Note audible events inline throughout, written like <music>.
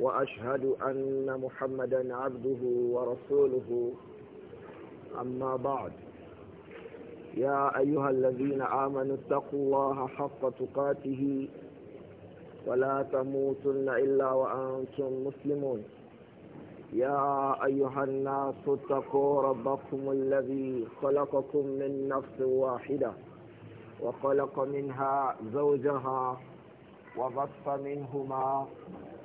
وأشهد أن محمدا عبده ورسوله أما بعد يا أيها الذين آمنوا اتقوا الله حق تقاته ولا تموتن إلا وأنتم مسلمون يا أيها الناس اتقوا ربكم الذي خلقكم من نفس واحدة وخلق منها زوجها وبث منهما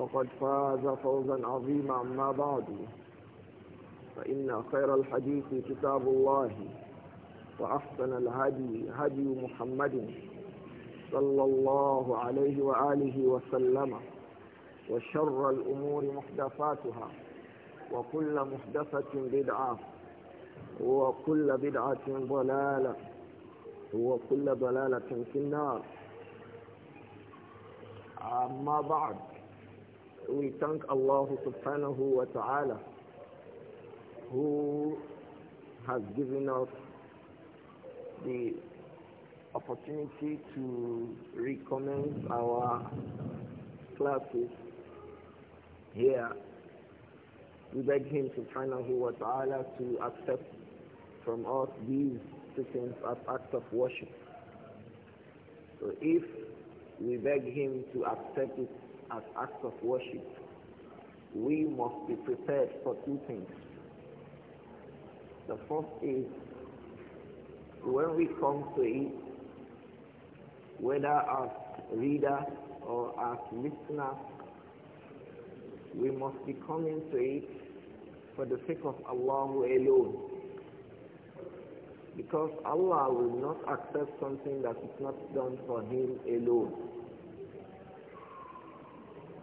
فقد فاز فوزا عظيما أما بعد فإن خير الحديث كتاب الله وأحسن الهدي هدي محمد صلى الله عليه وآله وسلم وشر الأمور محدثاتها وكل محدثة بدعة وكل بدعة ضلالة وكل ضلالة في النار أما بعد we thank Allah subhanahu wa ta'ala who has given us the opportunity to recommence our classes here. We beg him subhanahu wa ta'ala to accept from us these sittings as acts of worship. So if we beg him to accept it as acts of worship, we must be prepared for two things. The first is when we come to it, whether as readers or as listeners, we must be coming to it for the sake of Allah alone. Because Allah will not accept something that is not done for Him alone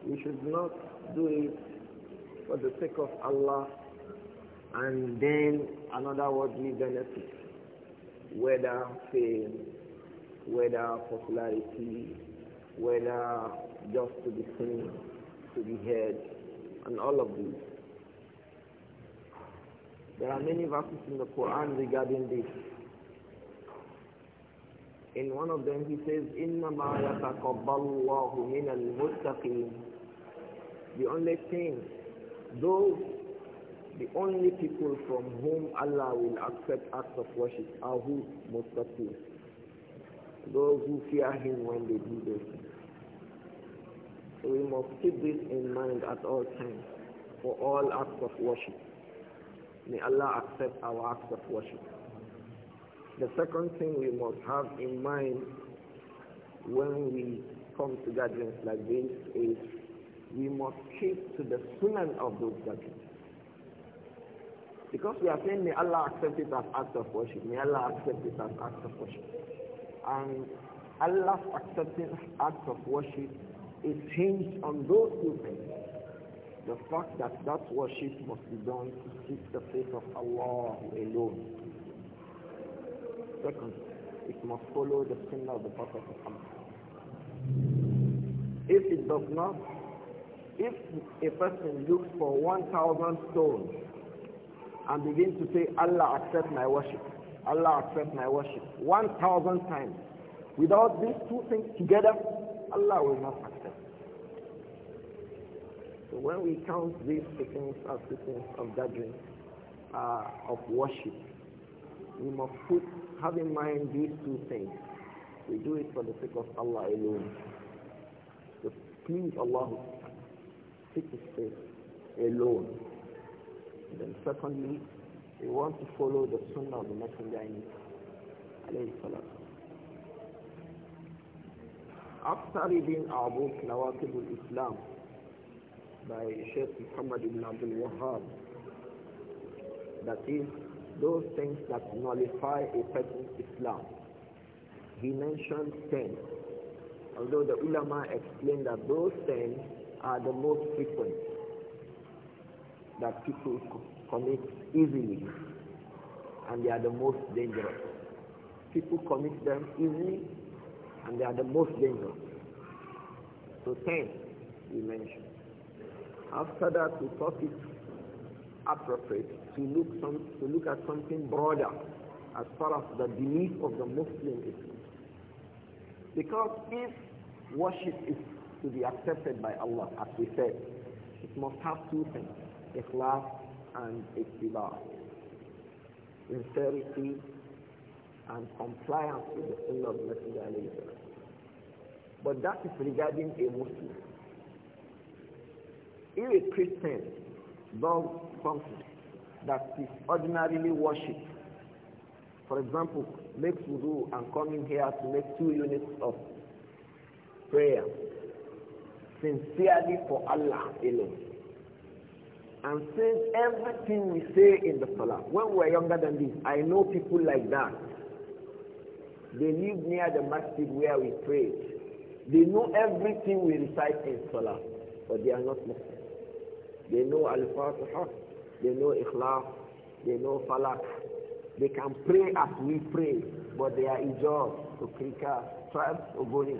we should not do it for the sake of Allah and then another worldly benefit, whether fame, whether popularity, whether just to be seen, to be heard, and all of these. There are many verses in the Quran regarding this. In one of them he says, إِنَّمَا يَتَقَبَّلُ اللَّهُ مِنَ الْمُتَّقِينَ the only thing, those, the only people from whom Allah will accept acts of worship are who? Mustaqim. Those who fear Him when they do this. So we must keep this in mind at all times, for all acts of worship. May Allah accept our acts of worship. The second thing we must have in mind when we come to gatherings like this is we must keep to the sunnah of those zakats. Because we are saying, may Allah accept it as act of worship. May Allah accept it as act of worship. And Allah's accepting act of worship is hinged on those two things. The fact that that worship must be done to seek the face of Allah alone. Second, it must follow the sunnah of the Prophet Muhammad. If it does not, if a person looks for 1,000 stones and begins to say, Allah accept my worship, Allah accept my worship, 1,000 times, without these two things together, Allah will not accept. So when we count these things as things of judging, uh, of worship, we must put, have in mind these two things. We do it for the sake of Allah alone. So please, Allah seek his faith alone. And then secondly, we want to follow the sunnah of the messenger in alayhi After reading our book, Nawakibul Islam, by Sheikh Muhammad ibn Abdul Wahab, that is, those things that nullify a person's Islam. He mentioned ten, although the ulama explained that those ten are the most frequent that people commit easily and they are the most dangerous. People commit them easily and they are the most dangerous. So 10 we mentioned. After that we thought it appropriate to look, some, to look at something broader as far as the belief of the Muslim is Because if worship is to be accepted by Allah, as we said, it must have two things, ikhlas and ittiba. Sincerity and compliance with the Sunnah of Messenger But that is regarding a Muslim. If a Christian does something that is ordinarily worshipped, for example, makes wudu and coming here to make two units of prayer sincerely for Allah alone. And since everything we say in the Salah, when we are younger than this, I know people like that. They live near the masjid where we pray. They know everything we recite in Salah, but they are not Muslims. They know Al-Fatiha, they know Ikhlas, they know Falak. They can pray as we pray, but they are Ijaz, Okrika, Tribes, Ogoni.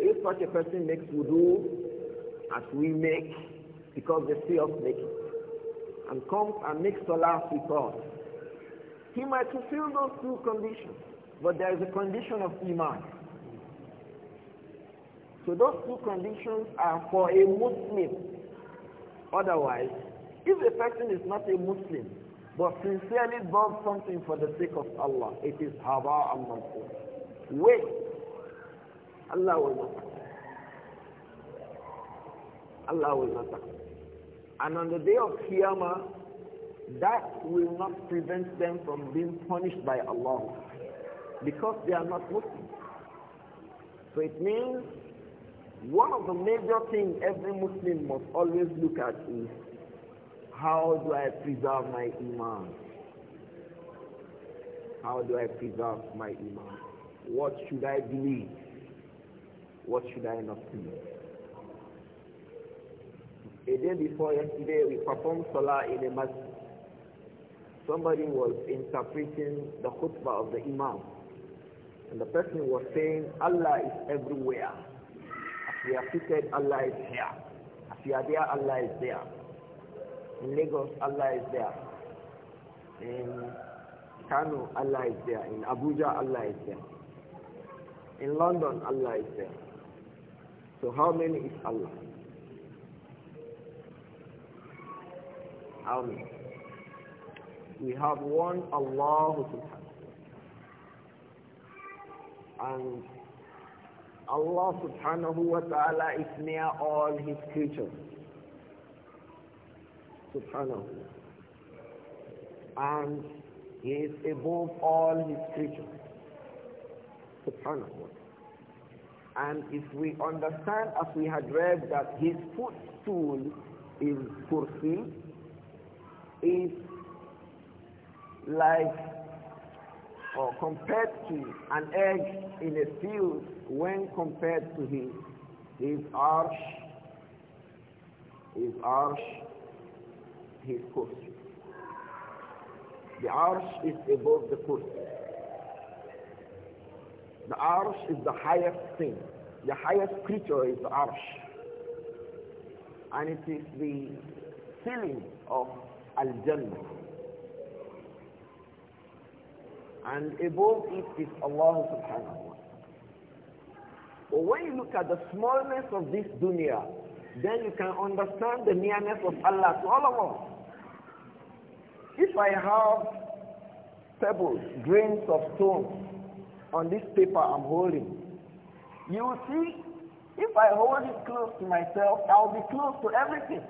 So if such a person makes wudu as we make, because they see us make it, and comes and makes salah with us, he might fulfill those two conditions. But there is a condition of iman. So those two conditions are for a Muslim. Otherwise, if a person is not a Muslim, but sincerely does something for the sake of Allah, it is haba and mansur. Waste Allah will not accept. Allah will not And on the day of Qiyamah, that will not prevent them from being punished by Allah because they are not Muslims. So it means one of the major things every Muslim must always look at is how do I preserve my iman? How do I preserve my iman? What should I believe? What should I not do? A day before yesterday, we performed Salah in a masjid. Somebody was interpreting the khutbah of the Imam. And the person was saying, Allah is everywhere. As we are seated, Allah is here. As we are there, Allah is there. In Lagos, Allah is there. In Kano, Allah is there. In Abuja, Allah is there. In London, Allah is there. So how many is Allah? How many? We have one Allah subhanahu and Allah subhanahu wa ta'ala is near all his creatures. Subhanahu. And he is above all his creatures. Subhanahu and if we understand as we had read that his footstool is kursi, is like or compared to an egg in a field when compared to his his arch, his arch, his kursi. The arch is above the kursi. The arsh is the highest thing. The highest creature is the arsh. And it is the ceiling of Al-Jannah. And above it is Allah subhanahu wa ta'ala. But when you look at the smallness of this dunya, then you can understand the nearness of Allah to all of us. If I have pebbles, grains of stone, on this paper I'm holding. You see, if I hold it close to myself, I'll be close to everything.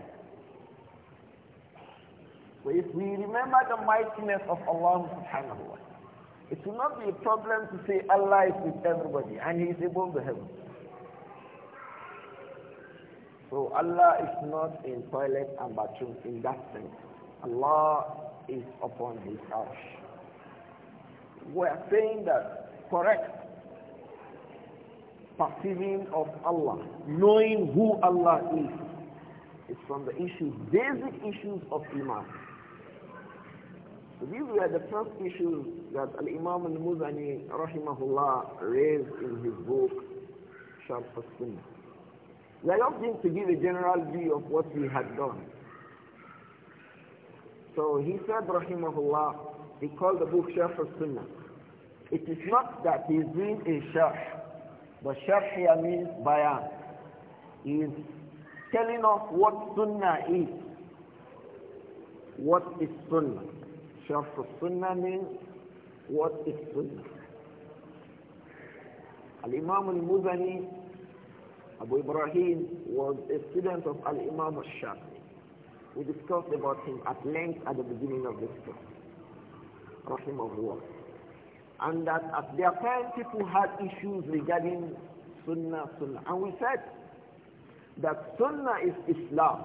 So if we remember the mightiness of Allah subhanahu wa ta'ala, it will not be a problem to say Allah is with everybody and He is above the heavens. So Allah is not in toilet and bathroom in that sense. Allah is upon His house. We are saying that correct perceiving of Allah, knowing who Allah is, is from the issues, basic issues of Iman. So these were the first issues that Al-Imam Al-Muzani rahimahullah raised in his book, Sharp Sunnah. We are not going to give a general view of what we had done. So he said rahimahullah, he called the book Sharp Sunnah. It is not that he is doing a sharh, but sharh here means bayan. He is telling us what sunnah is. What is sunnah? Sharh sunnah means what is sunnah. Al-Imam al-Muzani, Abu Ibrahim, was a student of Al-Imam al-Shafi. We discussed about him at length at the beginning of this talk. Rahimahullah. And that at their time people had issues regarding Sunnah, Sunnah. And we said that Sunnah is Islam.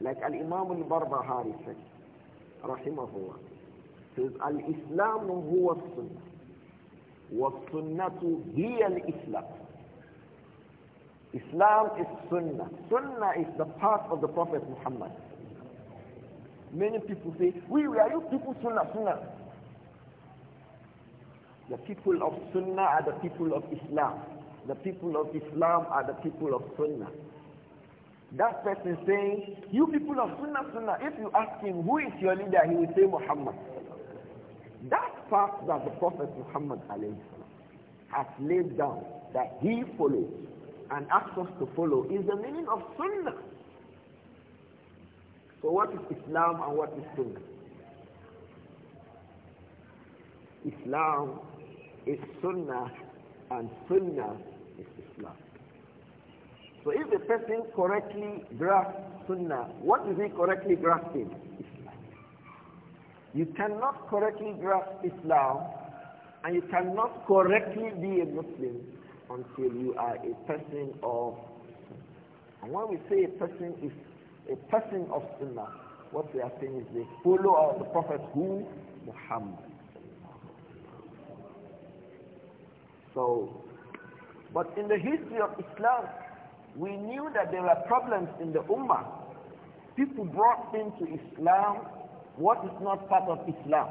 Like Al-Imam al-Barbahari said, Rahimahullah. Says, Al-Islam huwa Sunnah. to هي الإسلام Islam Islam is Sunnah. Sunnah is the path of the Prophet Muhammad. Many people say, we, are you people Sunnah, Sunnah? The people of Sunnah are the people of Islam. The people of Islam are the people of Sunnah. That person saying, you people of Sunnah, Sunnah, if you ask him, who is your leader, he will say Muhammad. That fact that the Prophet Muhammad has laid down, that he follows and asks us to follow, is the meaning of Sunnah. So what is Islam and what is Sunnah? Islam is sunnah and sunnah is Islam. So if the person correctly grasps sunnah, what is he correctly grasping? Islam. You cannot correctly grasp Islam and you cannot correctly be a Muslim until you are a person of and when we say a person is a person of sunnah, what we are saying is they follow of the Prophet who? Muhammad. So, but in the history of Islam, we knew that there were problems in the Ummah. People brought into Islam what is not part of Islam.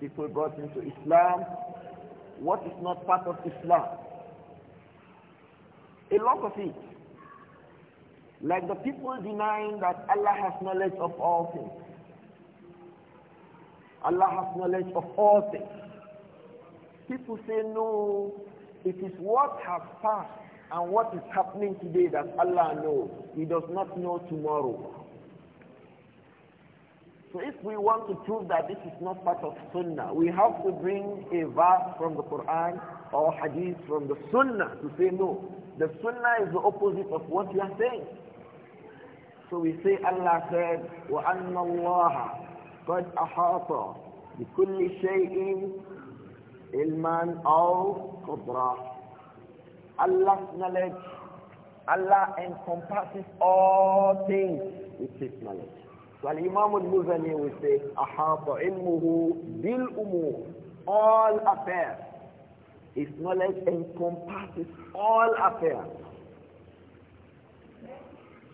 People brought into Islam what is not part of Islam. A lot of it. Like the people denying that Allah has knowledge of all things. Allah has knowledge of all things. People say, no, it is what has passed and what is happening today that Allah knows. He does not know tomorrow. So if we want to prove that this is not part of Sunnah, we have to bring a verse from the Quran or hadith from the Sunnah to say no. The Sunnah is the opposite of what you are saying. So we say Allah said, وَأَنَّ اللَّهَ قد أحاط بكل شيء علما أو قدرة Allah's knowledge, Allah encompasses all things with His knowledge. So Imam al-Muzani will say, أحاط علمه بالأمور All affairs. His knowledge encompasses all affairs.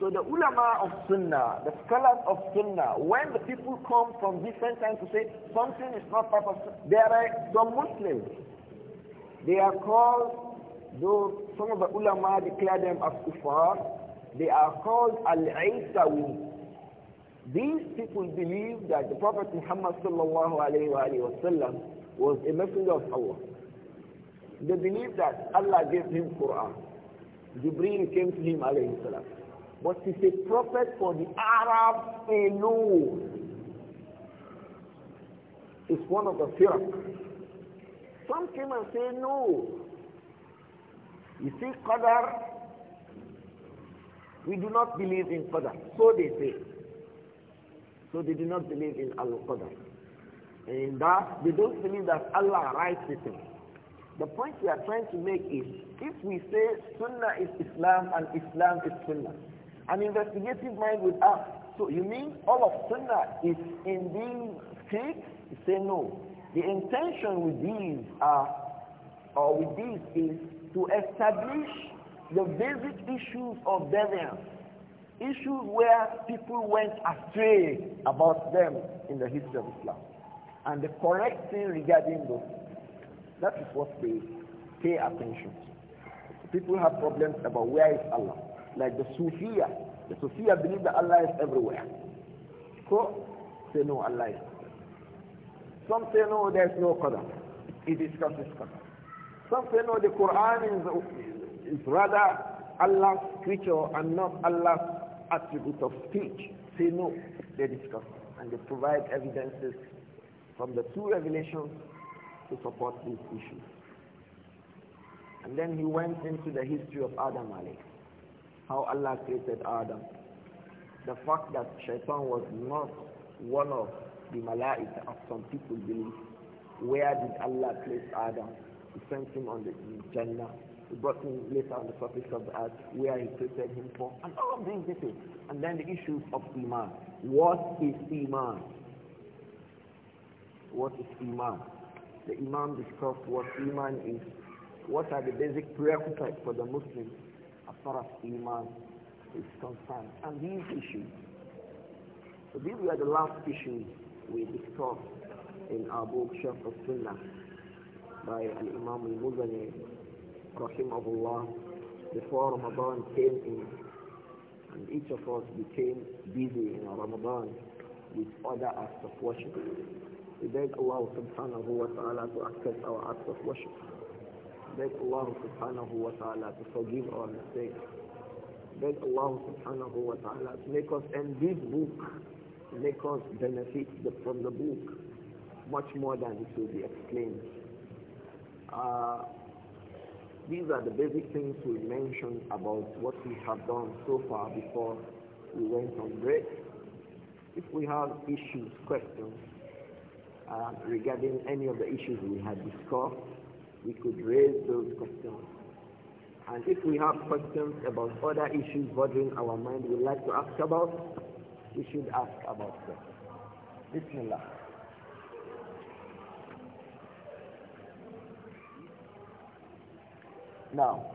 So the ulama of sunnah, the scholars of sunnah, when the people come from different times to say something is not part of sunnah, there are some Muslims. They are called, though some of the ulama declare them as kuffar, they are called al-Aisawi. These people believe that the Prophet Muhammad sallallahu alayhi wa was a messenger of Allah. They believe that Allah gave him Quran. Jibreel came to him alayhi salam but he's a prophet for the Arab alone. It's one of the few. Some came and say no. You see, Qadar, we do not believe in Qadar. So they say. So they do not believe in Al-Qadar. And in that, they don't believe that Allah writes the thing. The point we are trying to make is, if we say Sunnah is Islam and Islam is Sunnah, an investigative mind would ask, so you mean all of sunnah is in being fixed? say no. The intention with these are, or with these is to establish the basic issues of deviance, issues where people went astray about them in the history of Islam, and the correct thing regarding those. That is what they pay attention to. People have problems about where is Allah like the Sufiya. The Sufiya believe that Allah is everywhere. So, say no, Allah is. Some say no, there is no Qadr. He discusses Qadr. Some say no, the Quran is, is rather Allah's creature and not Allah's attribute of speech. Say no, they discuss. And they provide evidences from the two revelations to support these issues. And then he went into the history of Adam alayhi how Allah created Adam. The fact that shaitan was not one of the malaika as some people believe. Where did Allah place Adam? He sent him on the Jannah. He brought him later on the surface of the earth where he created him for. And all of these details. And then the issues of Iman. What is Iman? What is Iman? The Imam discussed what Iman is. What are the basic prerequisites for the Muslims far as Iman is concerned and these issues. So these were the last issues we discussed in our book of Sunnah by Al-Imam Al-Muzani Rahimahullah before Ramadan came in and each of us became busy in Ramadan with other acts of worship. We beg Allah subhanahu wa ta'ala to accept our acts of worship. Beg Allah subhanahu wa ta'ala to forgive our mistakes. Beg Allah subhanahu wa ta'ala to make us end this book, make us benefit from the book much more than it will be explained. Uh, these are the basic things we mentioned about what we have done so far before we went on break. If we have issues, questions uh, regarding any of the issues we had discussed, we could raise those questions. And if we have questions about other issues bothering our mind we'd like to ask about, we should ask about them. Bismillah. Now,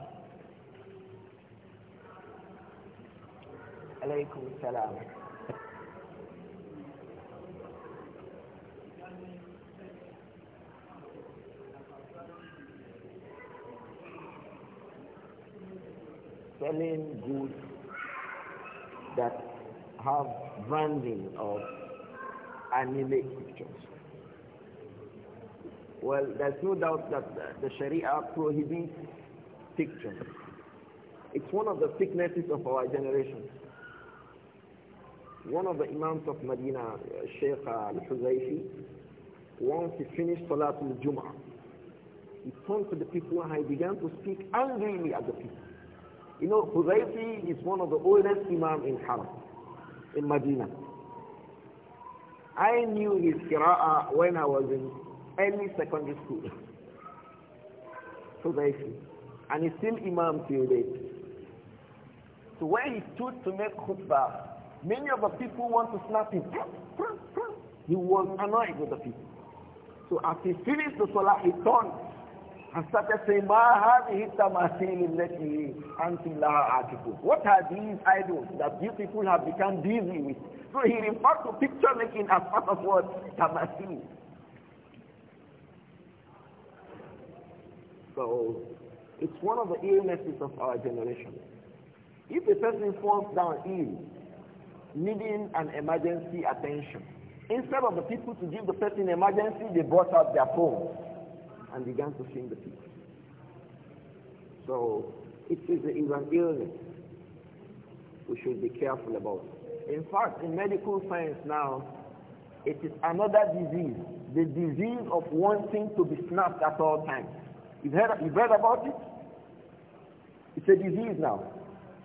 alaykum salam. selling goods that have branding of anime pictures. Well, there's no doubt that the Sharia prohibits pictures. It's one of the sicknesses of our generation. One of the Imams of Medina, uh, Sheikh Al-Huzaifi, once he finished Salatul Jum'ah, he turned to the people and he began to speak angrily at the people. You know, Hudayfi is one of the oldest imam in Haram, in Medina. I knew his qira'ah when I was in early secondary school. Hudayfi. And he's still imam till date. So when he stood to make khutbah, many of the people want to slap him. He was annoyed with the people. So as he finished the salah, he turned and started saying, Ma hadhihi tamasil allati antum laha akifun. What are these idols that you people have become busy with? So he referred to picture making as part of what? Tamasil. So it's one of the illnesses of our generation. If a person falls down ill, needing an emergency attention, instead of the people to give the person emergency, they brought out their phones and began to sing the people. So it is an illness we should be careful about. In fact, in medical science now, it is another disease, the disease of wanting to be snapped at all times. You've heard, you've heard about it? It's a disease now.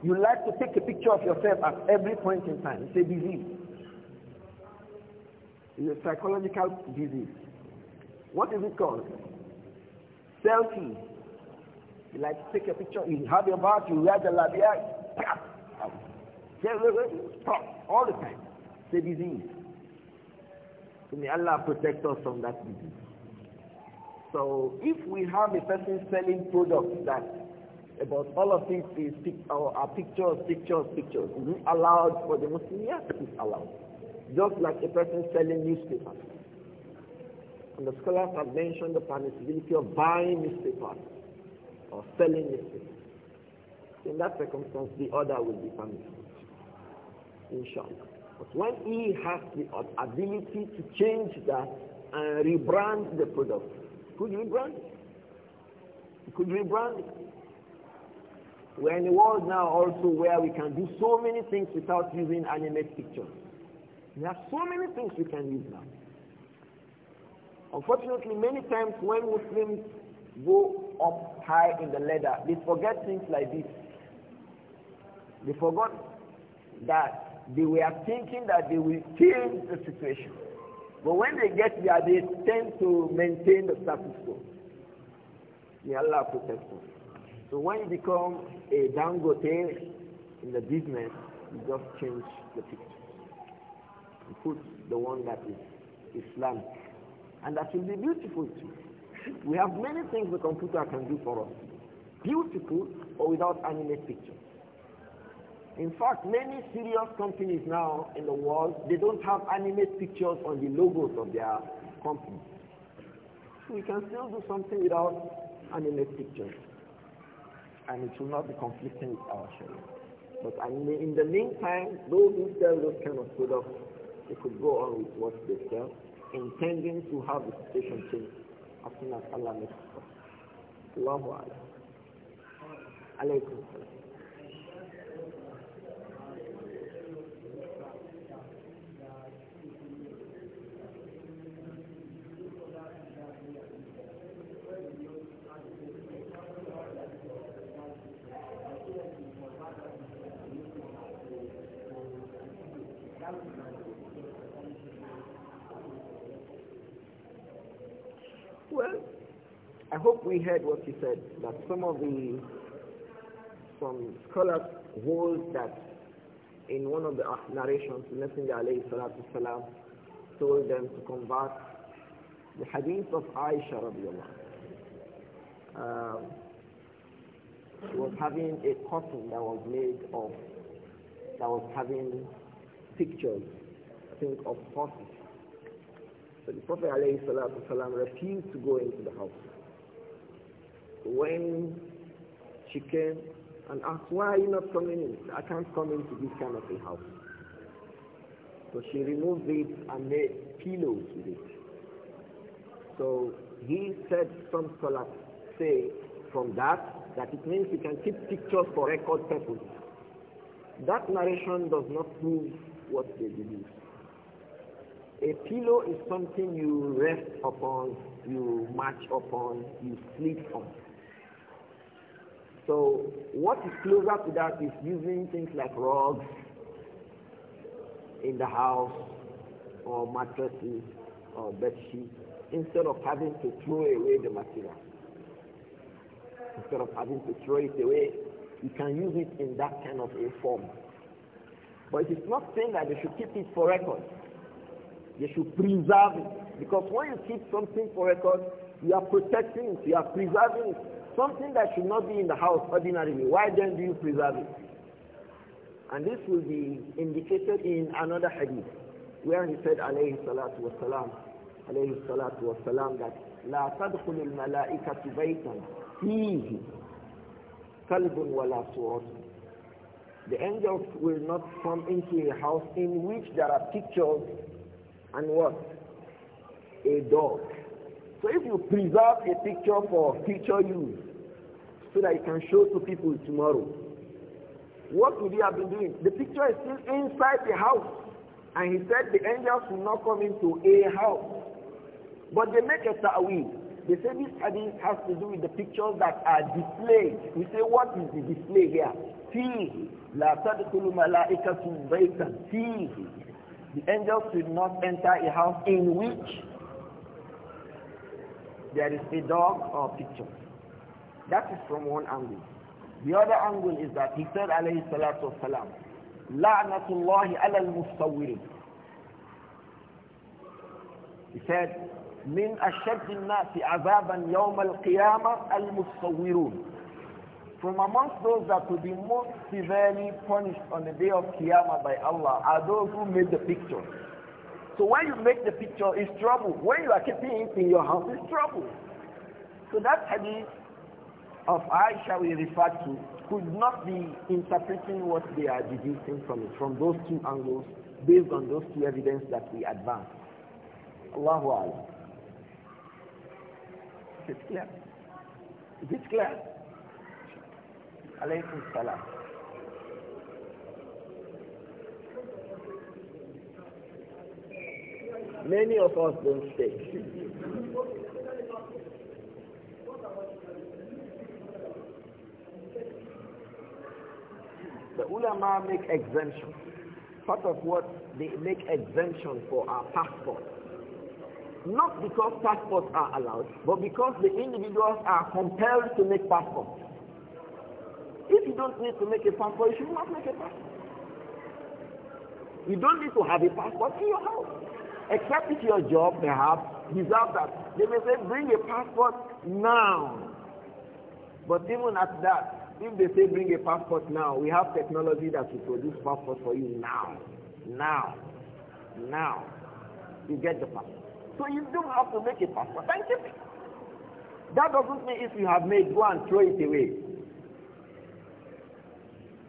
You like to take a picture of yourself at every point in time. It's a disease. It's a psychological disease. What is it called? Selfie. You like to take a picture, you have your back, you wear the labia, stop, all the time. It's a disease. So may Allah protect us from that disease. So if we have a person selling products that about all of these is our, pictures, pictures, pictures, is it allowed for the Muslim? Yes, it is allowed. Just like a person selling newspapers. And the scholars have mentioned the possibility of buying newspapers or selling newspapers. In that circumstance, the order will be permissible. Inshallah. But when he has the ability to change that and rebrand the product, could rebrand it. He could rebrand it. We're in a world now also where we can do so many things without using animate pictures. There are so many things we can use now. Unfortunately, many times when Muslims go up high in the ladder, they forget things like this. They forgot that they were thinking that they will change the situation. But when they get there, they tend to maintain the status quo. May Allah protect them. So when you become a dangote in the business, you just change the picture. You put the one that is Islamic. And that will be beautiful too. We have many things the computer can do for us. Beautiful or without animate pictures. In fact, many serious companies now in the world, they don't have animate pictures on the logos of their companies. we can still do something without animate pictures. And it will not be conflicting with our sharing. But in the meantime, those who sell those kind of products, they could go on with what they sell intending to have the situation changed as soon as Allah makes it. Allahu Alaikum. I hope we heard what he said, that some of the some scholars hold that in one of the narrations, the Messenger alayhi salatu salam told them to convert the hadith of Aisha radiallahu um, She was having a coffin that was made of, that was having pictures, I think, of horses. So the Prophet alayhi salatu salam refused to go into the house when she came and asked, why are you not coming in? I can't come into this kind of a house. So she removed it and made pillows with it. So he said, some scholars say from that, that it means you can keep pictures for record purposes. That narration does not prove what they believe. A pillow is something you rest upon, you march upon, you sleep on. So what is closer to that is using things like rugs in the house or mattresses or bed sheets instead of having to throw away the material. Instead of having to throw it away, you can use it in that kind of a form. But it is not saying that they should keep it for record. They should preserve it. Because when you keep something for record, you are protecting it, you are preserving it something that should not be in the house ordinarily, why then do you preserve it? And this will be indicated in another hadith, where he said, alayhi salatu wasalam, alayhi salatu wasalam, that لا تدخل الملائكة بيتا فيه كلب ولا صور. The angels will not come into a house in which there are pictures and what? A dog. So if you preserve a picture for future use, so that you can show to people tomorrow. What would he have been doing? The picture is still inside the house. And he said the angels will not come into a house. But they make a ta'wil. They say this hadith has to do with the pictures that are displayed. We say, what is the display here? See, La tadkulu malaikatu baytan. See, The angels will not enter a house in which there is a dog or picture. That is from one angle. The other angle is that he said alayhi salatu wasalam, La'natullahi ala al mustawirin He said, من أشد الناس عذابا يوم القيامة mustawirun." From amongst those that will be most severely punished on the day of Qiyamah by Allah are those who made the picture. So when you make the picture, it's trouble. When you are keeping it in your house, it's trouble. So that hadith of Aisha we refer to could not be interpreting what they are deducing from it, from those two angles, based on those two evidence that we advance. Allahu Akbar. Is it clear? Is it clear? Alaykum salam. Many of us don't stay. <laughs> The ulama make exemption. Part of what they make exemption for our passports. Not because passports are allowed, but because the individuals are compelled to make passports. If you don't need to make a passport, you should not make a passport. You don't need to have a passport in your house. Except if your job perhaps deserves that. They may say, bring a passport now. But even at that, if they say bring a passport now, we have technology that will produce passport for you now. Now. Now. You get the passport. So you don't have to make a passport Thank you. That doesn't mean if you have made, go and throw it away.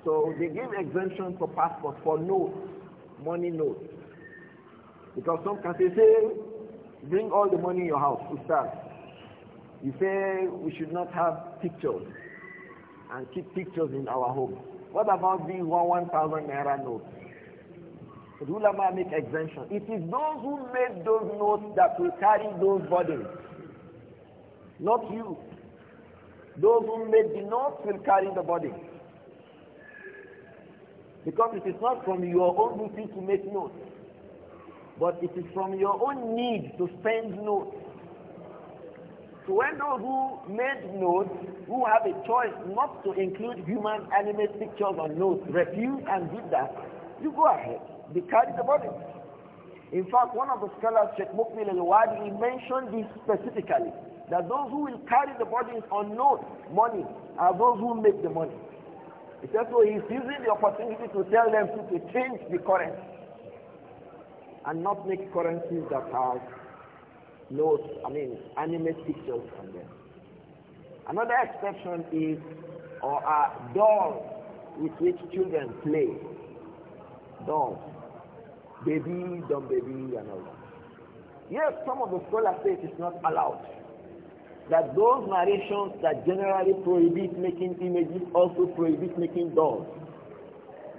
So they give exemption for passport for notes, money notes. Because some countries say, bring all the money in your house, to start. You say, we should not have pictures and keep pictures in our home. What about these one one thousand naira notes? The ulama make exemption. It is those who made those notes that will carry those burdens, not you. Those who made the notes will carry the burden. Because it is not from your own duty to make notes, but it is from your own need to spend notes when those who made notes, who have a choice not to include human animate pictures on notes, refuse and did that, you go ahead. They carry the burden. In fact, one of the scholars, Sheikh Mukmil al-Wadi, he mentioned this specifically, that those who will carry the bodies on notes, money, are those who make the money. He said, so he's using the opportunity to tell them to, change the currency and not make currencies that are. No, I mean, animate pictures from them. Another exception is or a doll with which children play. Dolls. Baby, dumb baby, and all that. Yes, some of the scholars say it is not allowed. That those narrations that generally prohibit making images also prohibit making dolls.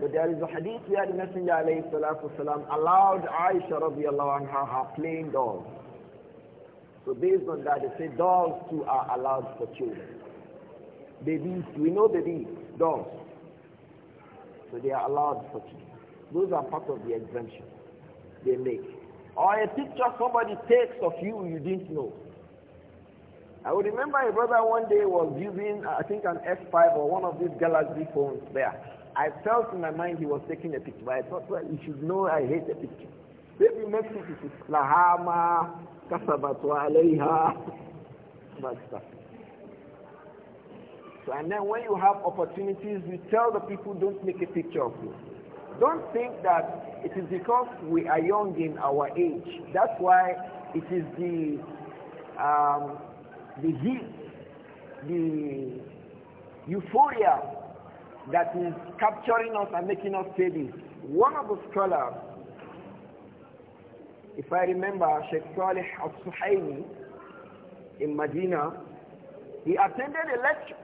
But there is a hadith where the Messenger والسلام, allowed Aisha radiallahu anha her playing dolls. So based on that, they say dogs too are allowed for children. Babies, we know babies, dogs. So they are allowed for children. Those are part of the exemption they make. Or a picture somebody takes of you you didn't know. I would remember a brother one day was using, uh, I think, an S5 or one of these Galaxy phones there. I felt in my mind he was taking a picture, but I thought, well, you should know I hate a picture. Maybe Mexico is Lahama, كسبت وعليها ما So and then when you have opportunities, you tell the people don't make a picture of you. Don't think that it is because we are young in our age. That's why it is the um, the heat, the euphoria that is capturing us and making us say this. One of the scholars if I remember, Sheikh Saleh al-Suhaimi in Medina, he attended a lecture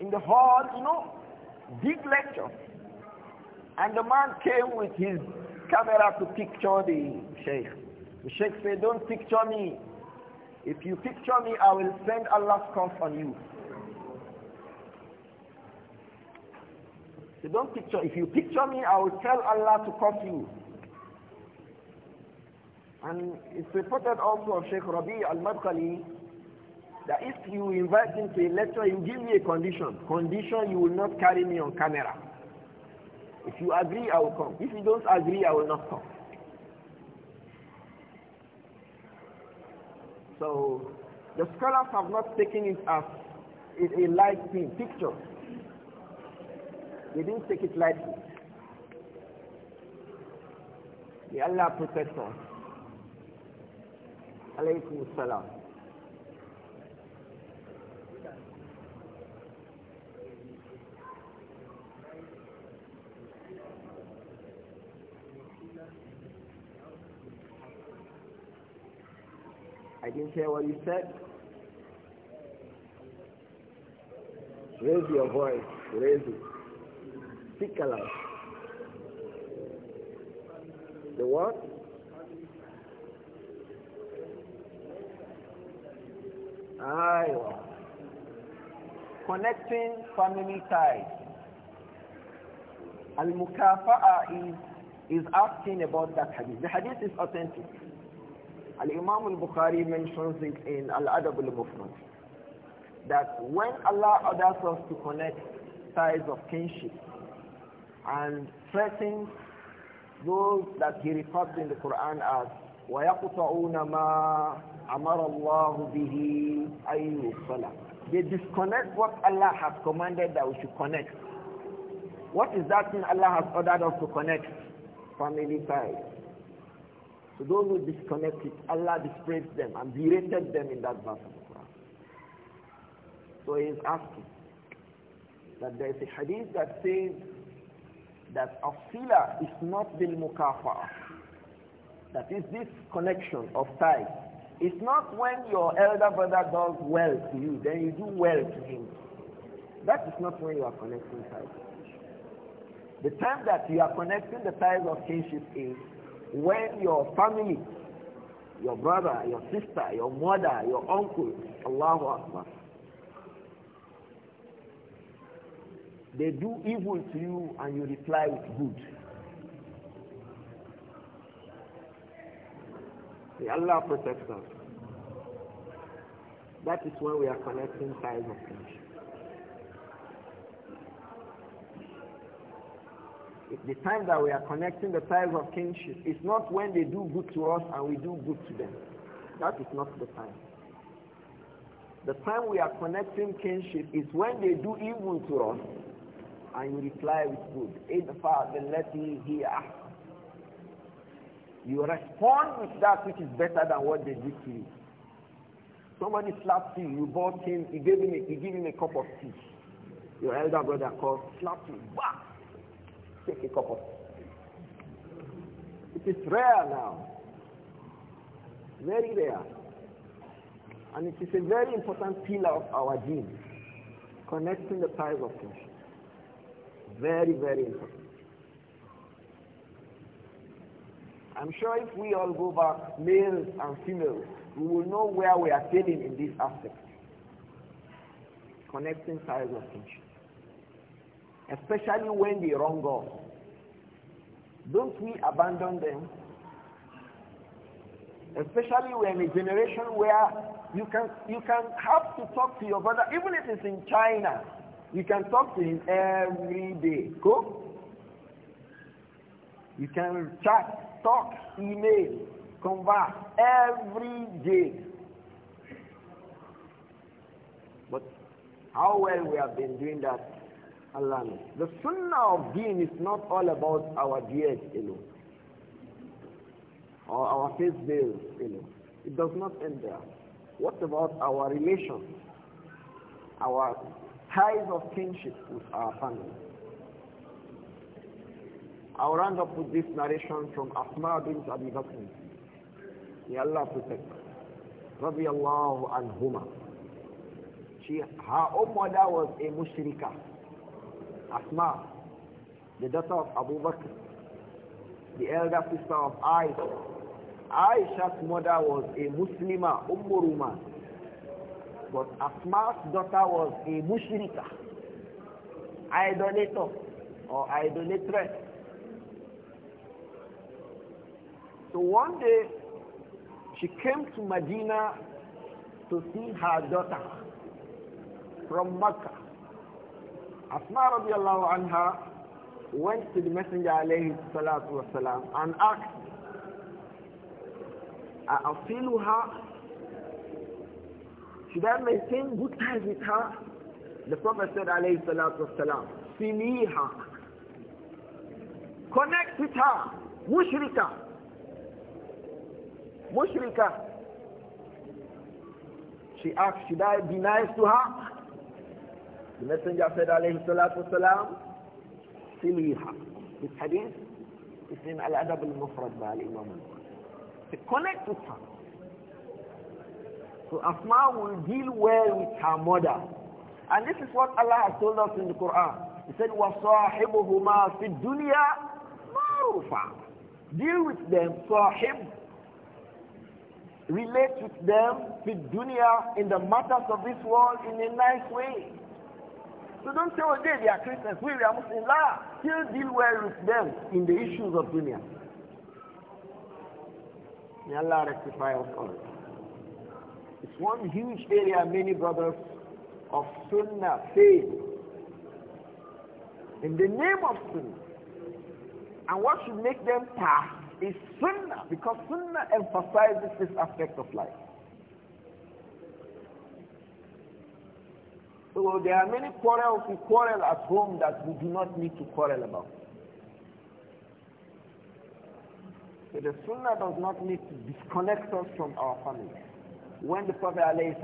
in the hall, you know, big lecture. And the man came with his camera to picture the Sheikh. The Sheikh said, don't picture me. If you picture me, I will send Allah's curse on you. So don't picture. If you picture me, I will tell Allah to curse you. And it's reported also of Sheikh Rabi al-Madkhali that if you invite him to a lecture, you give me a condition. Condition, you will not carry me on camera. If you agree, I will come. If you don't agree, I will not come. So the scholars have not taken it as a, light thing, picture. They didn't take it lightly. May Allah protect us. Alaykum salam. I didn't hear what you said. Raise your voice. Raise it. Speak aloud. The what? Aywa. Connecting family ties. al Mukaffa is, is asking about that hadith. The hadith is authentic. Al-Imam al-Bukhari mentions it in Al-Adab al-Mufrad that when Allah orders us to connect ties of kinship and threatens those that he refers in the Quran as وَيَقْطَعُونَ مَا amara Allah bihi ayyusala. They disconnect what Allah has commanded that we should connect. What is that thing Allah has ordered us to connect? Family ties. So those who disconnect it, Allah disgraced them and berated them in that verse of the Quran. So he is asking that there is a hadith that says that afila is not bil mukafa. That is this connection of ties it's not when your elder brother does well to you, then you do well to him. That is not when you are connecting ties. The time that you are connecting the ties of kinship is when your family, your brother, your sister, your mother, your uncle, Allahu Akbar, they do evil to you and you reply with good. May Allah protect us. That is when we are connecting ties of friendship. the time that we are connecting the ties of kinship is not when they do good to us and we do good to them. That is not the time. The time we are connecting kinship is when they do evil to us and you reply with good. In the fact, then let me hear. You respond with that which is better than what they did to you. Somebody slapped you, you bought him, he gave him a, he gave him a cup of tea. Your elder brother called, slapped you, back. Take a cup of tea. It is rare now. Very rare. And it is a very important pillar of our gene, Connecting the ties of kinship. Very, very important. I'm sure if we all go back, males and females, we will know where we are failing in this aspect. Connecting ties of kinship. Especially when they wrong off. Don't we abandon them? Especially we're a generation where you can you can have to talk to your brother, even if it's in China, you can talk to him every day. Go. You can chat talk, email, converse every day. But how well we have been doing that, Allah knows. The sunnah of deen is not all about our deeds alone or our face you alone. It does not end there. What about our relations, our ties of kinship with our family? I'll round up with this narration from Asma bin Abi Bakr. May Allah protect her. Radiallahu anhuma. She, her own mother was a mushrika. Asma, the daughter of Abu Bakr, the elder sister of Aisha. Aisha's mother was a Muslima, Ummuruma. But Asma's daughter was a mushrika, idolator or idolatress. So one day, she came to Medina to see her daughter from Mecca. Asma radiallahu anha went to the Messenger alayhi salatu wasalam and asked, her. Should I maintain good ties with her? The Prophet said alayhi salatu wasalam, her. Connect with her, mushrika, Mushrika. She asked, should I be nice to her? The Messenger said, alayhi salatu wasalam, siliha. This hadith is in Al-Adab al-Mufrad by Al-Imam al connect with her. So Asma will deal well with her mother. And this is what Allah has told us in the Quran. He said, وَصَاحِبُهُمَا فِي الدُّنْيَا مَعْرُفًا Deal with them, sahib, relate with them with dunya in the matters of this world in a nice way. So don't say, oh, they, they are Christians, we, we are Muslims. La, still deal well with them in the issues of dunya. May Allah rectify us all. It's one huge area many brothers of Sunnah faith. In the name of Sunnah. And what should make them pass is sunnah because sunnah emphasizes this aspect of life. So there are many quarrels we quarrel at home that we do not need to quarrel about. So the sunnah does not need to disconnect us from our family. When the Prophet ﷺ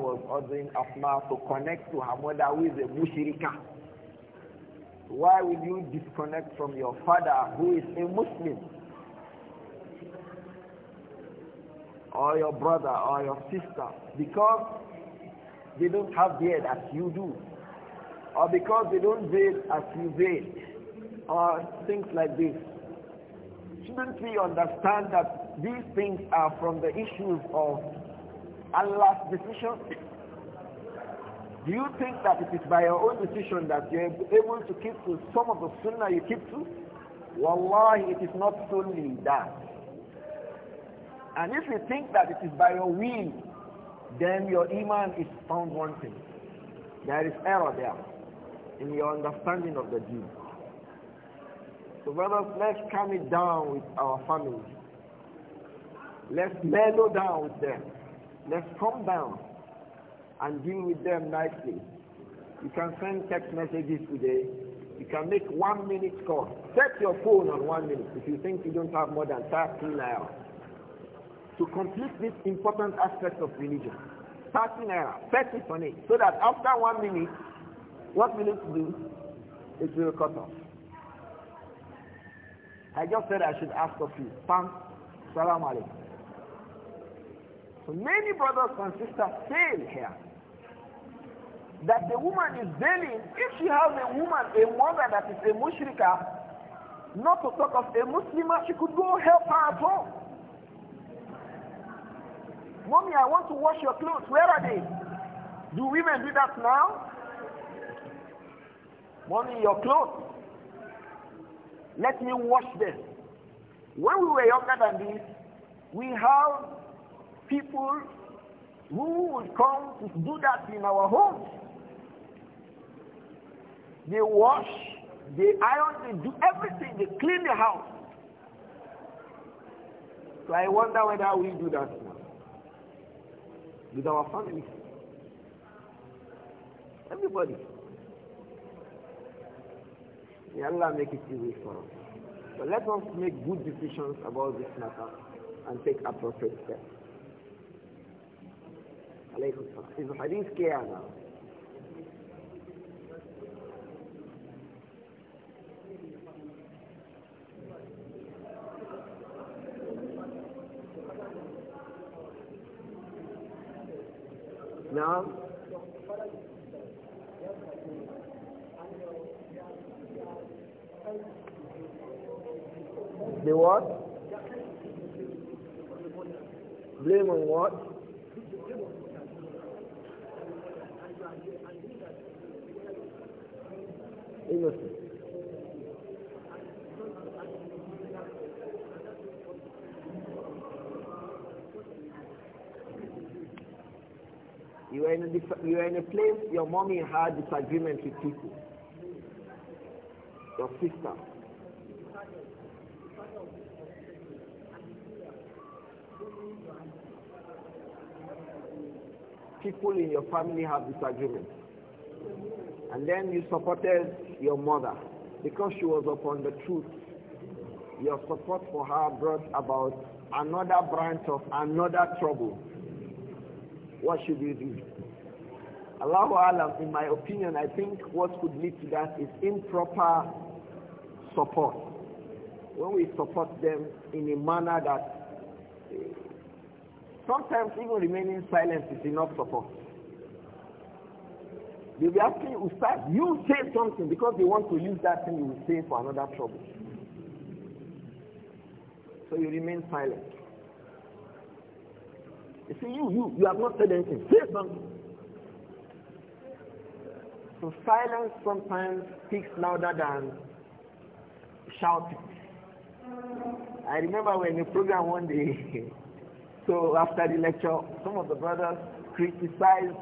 was ordering Asma to connect to her mother with a mushrika, why will you disconnect from your father who is a Muslim? or your brother or your sister because they don't have beard as you do or because they don't veil as you veil or things like this. Shouldn't we understand that these things are from the issues of Allah's decision? Do you think that it is by your own decision that you're able to keep to some of the sunnah you keep to? Wallahi, it is not solely that. And if you think that it is by your will, then your iman is found wanting. There is error there in your understanding of the deen. So brothers, let's calm it down with our families. Let's mellow down with them. Let's calm down and deal with them nicely. You can send text messages today. You can make one minute call. Set your phone on one minute if you think you don't have more than 30 hours to complete this important aspect of religion. 30 error, 30 on it, so that after one minute, what need to do? It will cut off. I just said I should ask of you. Pam, salam alaikum. So many brothers and sisters fail here. That the woman is veiling, if she has a woman, a mother that is a mushrika, not to talk of a Muslimah, she could go help her at home. Mommy, I want to wash your clothes. Where are they? Do women do that now? Mommy, your clothes. Let me wash them. When we were younger than this, we have people who would come to do that in our homes. They wash, they iron, they do everything, they clean the house. So I wonder whether we do that with our family. Everybody. May Allah make it easy for us. So let us make good decisions about this matter and take appropriate steps. Is the hadith clear now? نعم The what? Blame on what? in a, you are in a place your mommy had disagreement with people. Your sister. People in your family have disagreement. And then you supported your mother because she was upon the truth. Your support for her brought about another branch of another trouble. What should we do? Allahu Alam, in my opinion, I think what could lead to that is improper support. When we support them in a manner that eh, sometimes even remaining silent is enough support. They'll be asking Ustad, you say something because they want to use that thing you will say for another trouble. So you remain silent. You see, you, you, you have not said anything. Say something. So silence sometimes speaks louder than shouting. I remember when a program one day, <laughs> so after the lecture, some of the brothers criticized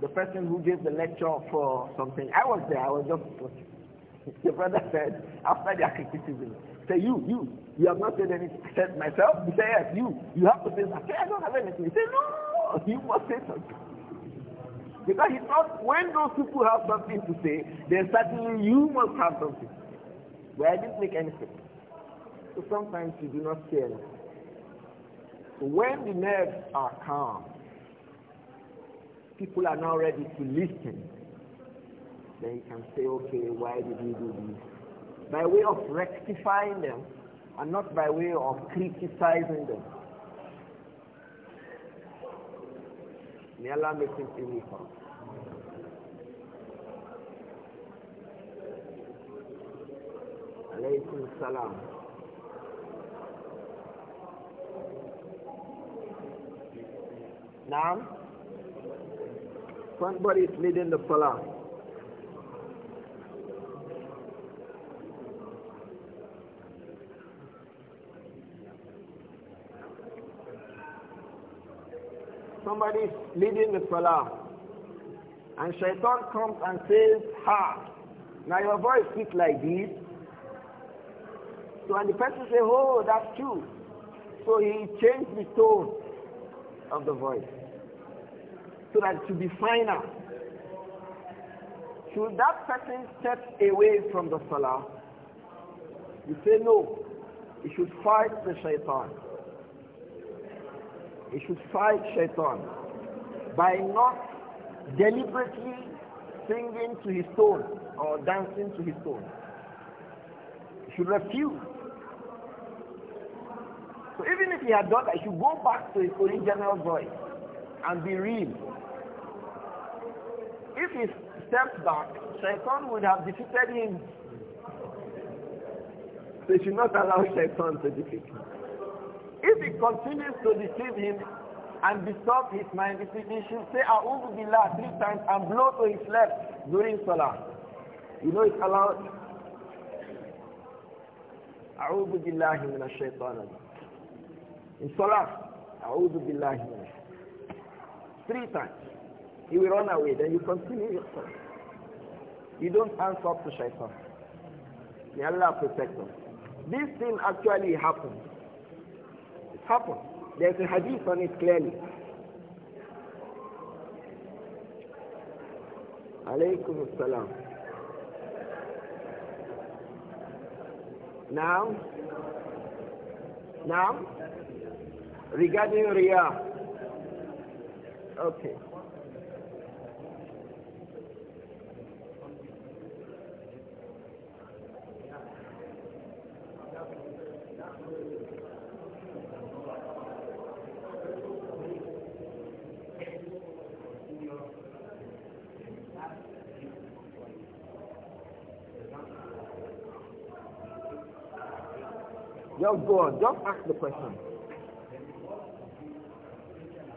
the person who gave the lecture for something. I was there, I was just, <laughs> the brother said, after their criticism, say, you, you, you have not said anything. I said, myself? He said, yes, you. You have to say something. I don't have anything. He said, no, you must say something. Because he thought when those people have something to say, then certainly you must have something. But I didn't make anything. So sometimes you do not say anything. So when the nerves are calm, people are now ready to listen. Then you can say, okay, why did you do this? by way of rectifying them and not by way of criticizing them. May Allah make him for Alaykum salam. Now, somebody is leading the salah. somebody is leading the salah, and shaitan comes and says, Ha! Now your voice speaks like this. So and the person says, Oh, that's true. So he changed the tone of the voice so that it should be finer. Should that person step away from the salah? You say no. You should fight the shaitan. He should fight shaitan by not deliberately singing to his tone or dancing to his tone. He should refuse. So even if he had done that, he should go back to his original voice and be real. If he steps back, Shaitan would have defeated him. So he should not allow Shaitan to defeat him. If he continues to deceive him and disturb his mind, he should say A'udhu Billah three times and blow to his left during Salah. You know it's allowed. A'udhu Billahi Minash Shaitan. In Salah, A'udhu Billahi Minash Three times. He will run away, then you continue your Salah. You don't answer to Shaitan. May Allah protect us. This thing actually happens happened. There's a hadith on it clearly. Alaykum salam. Now, now, regarding Riyah. Okay. go on. Just ask the question.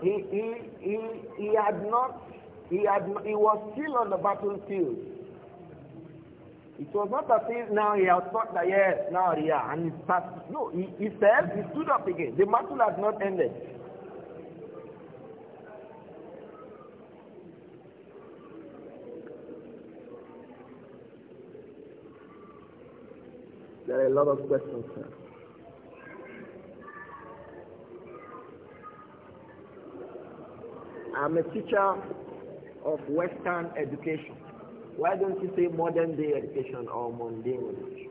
He, he, he, he had not, he, had, he was still on the battlefield. It was not that he, now he has thought that, yes, now yeah, and he passed. No, he, he said he stood up again. The battle has not ended. There are a lot of questions here. I'm a teacher of Western education. Why don't you say modern day education or mundane education?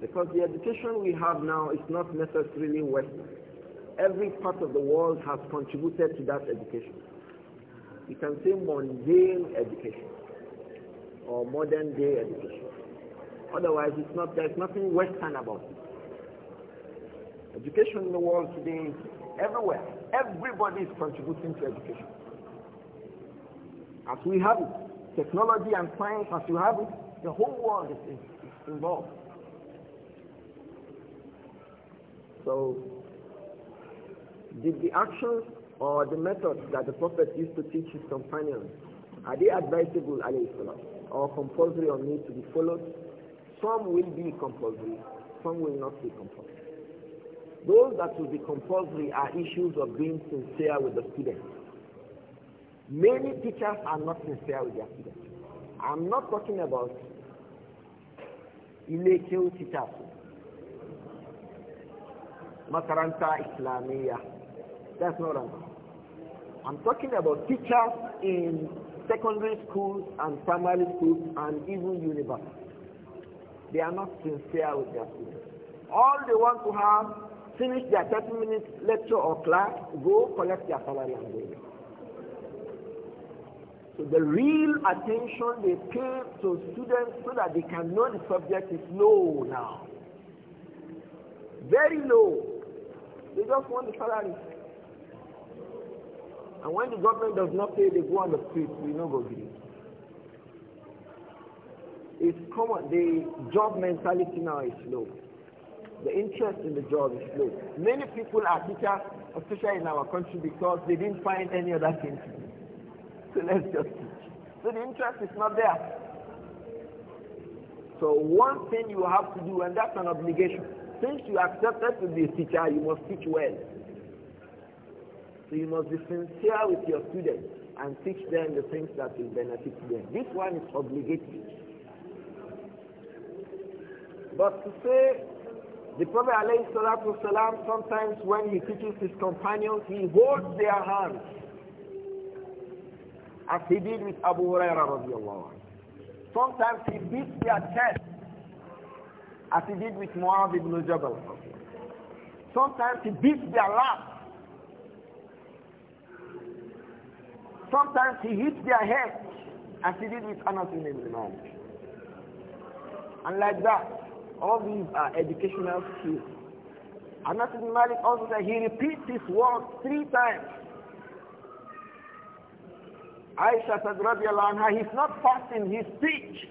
Because the education we have now is not necessarily Western. Every part of the world has contributed to that education. You can say mundane education or modern day education. Otherwise, it's not, there's nothing Western about it. Education in the world today is everywhere. Everybody is contributing to education. As we have it, technology and science, as you have it, the whole world is, is involved. So, did the actions or the methods that the Prophet used to teach his companions, are they advisable, alayhi salam, or compulsory or need to be followed? Some will be compulsory, some will not be compulsory. Those that will be compulsory are issues of being sincere with the students. Many teachers are not sincere with their students. I'm not talking about illegal teachers. Makaranta Islamiyah. That's not what I'm talking I'm talking about teachers in secondary schools and primary schools and even universities. They are not sincere with their students. All they want to have finish their 30 minutes lecture or class, go collect their salary and go. So the real attention they pay to students so that they can know the subject is low now. Very low. They just want the salary. And when the government does not pay, they go on the street. We know go green. It's common. The job mentality now is low. The interest in the job is low. Many people are teachers, especially in our country, because they didn't find any other thing to do. So let's just teach. So the interest is not there. So one thing you have to do, and that's an obligation. Since you accepted to be a teacher, you must teach well. So you must be sincere with your students and teach them the things that will benefit them. This one is obligatory. But to say the Prophet والسلام, sometimes when he teaches his companions, he holds their hands. As he did with Abu Hurairah Sometimes he beats their chest. As he did with Muawiyah ibn Jabal. Sometimes he beats their lap. Sometimes he hits their head. As he did with Anas ibn Malik. And like that, all these are educational skills. Anas ibn Malik also said he repeats his words three times. Aisha said, anha, he's not fasting, his speech.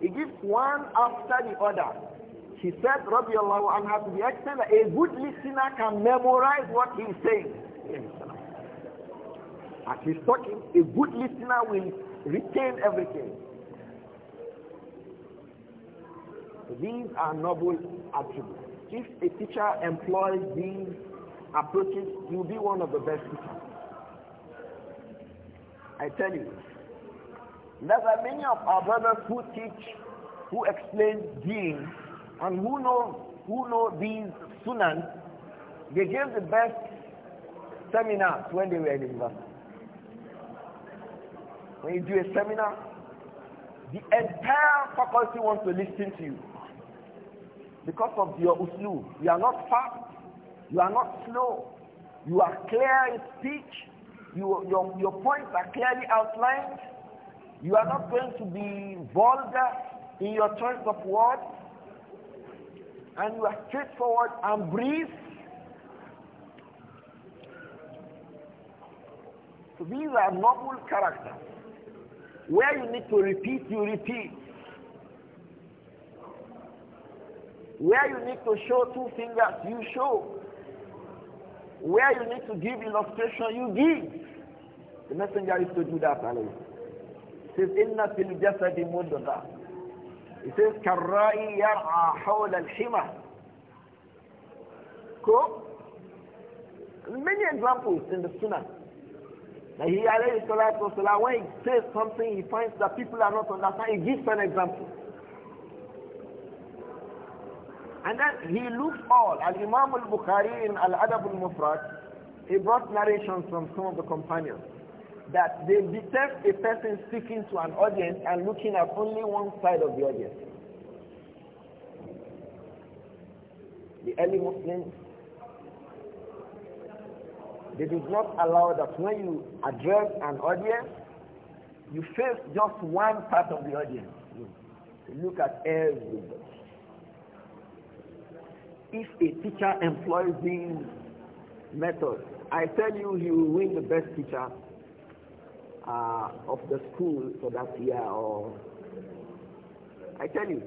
He gives one after the other. She said, I'm happy to be excellent. that a good listener can memorize what he's saying. As he's talking, a good listener will retain everything. These are noble attributes. If a teacher employs these approaches, you'll be one of the best teachers. I tell you. There are many of our brothers who teach, who explain deen, and who know who know these sunan, they gave the best seminars when they were in university. When you do a seminar, the entire faculty wants to listen to you because of your uslub. You are not fast. You are not slow. You are clear in speech. You, your, your points are clearly outlined. You are not going to be vulgar in your choice of words. And you are straightforward and brief. So these are noble characters. Where you need to repeat, you repeat. Where you need to show two fingers, you show. Where you need to give illustration, you give. The messenger is to do that, alayhi. He says, "Inna فِي الْجَسَدِ مُدْغَةً He says, كَالرَّائِ hawl al الْحِمَى Cool? Many examples in the Sunnah. Now he alayhi salatu wasalam, when he says something, he finds that people are not understanding, he gives an example. And then he looked all. Al-Imam al-Bukhari in Al-Adab al-Mufrad, he brought narrations from some of the companions that they detect a person speaking to an audience and looking at only one side of the audience. The early Muslims, they did not allow that when you address an audience, you face just one part of the audience. You look at everybody if a teacher employs these methods, I tell you he will win the best teacher uh, of the school for that year or I tell you.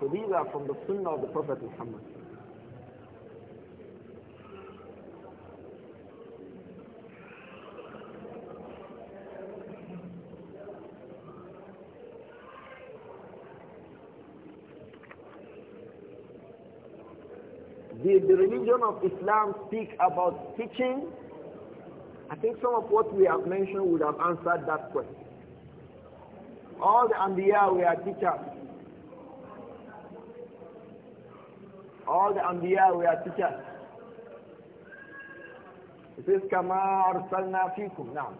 So these are from the Sunnah of the Prophet Muhammad. did the religion of Islam speak about teaching? I think some of what we have mentioned would have answered that question. All the Anbiya were teachers. All the Anbiya were teachers. It says, Kama arsalna fikum. Now.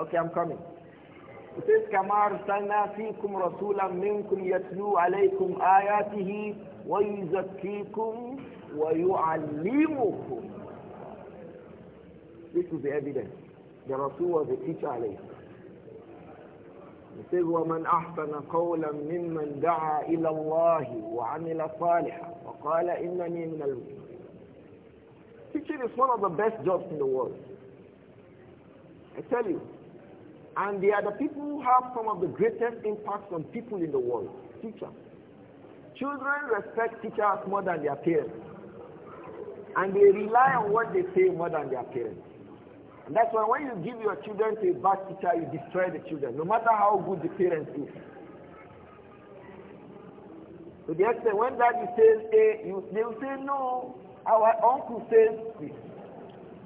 Okay, I'm coming. It says, Kama arsalna fikum rasulam minkum yatlu alaykum ayatihi وَيُزَكِّيكُمْ وَيُعَلِّمُكُمْ This is the evidence. The Rasul was a teacher عليه. He says, وَمَنْ أَحْسَنَ قَوْلًا مِمَّنْ دَعَى إِلَى اللَّهِ وَعَمِلَ صَالِحًا وَقَالَ إِنَّنِي مِنَ الْمُسْلِمِينَ Teaching is one of the best jobs in the world. I tell you. And they are the people who have some of the greatest impacts on people in the world. Teachers. Children respect teachers more than their parents. And they rely on what they say more than their parents. And that's why when you give your children to a bad teacher, you destroy the children, no matter how good the parents is. So the extent when daddy says A, you, they will say no. Our uncle says this.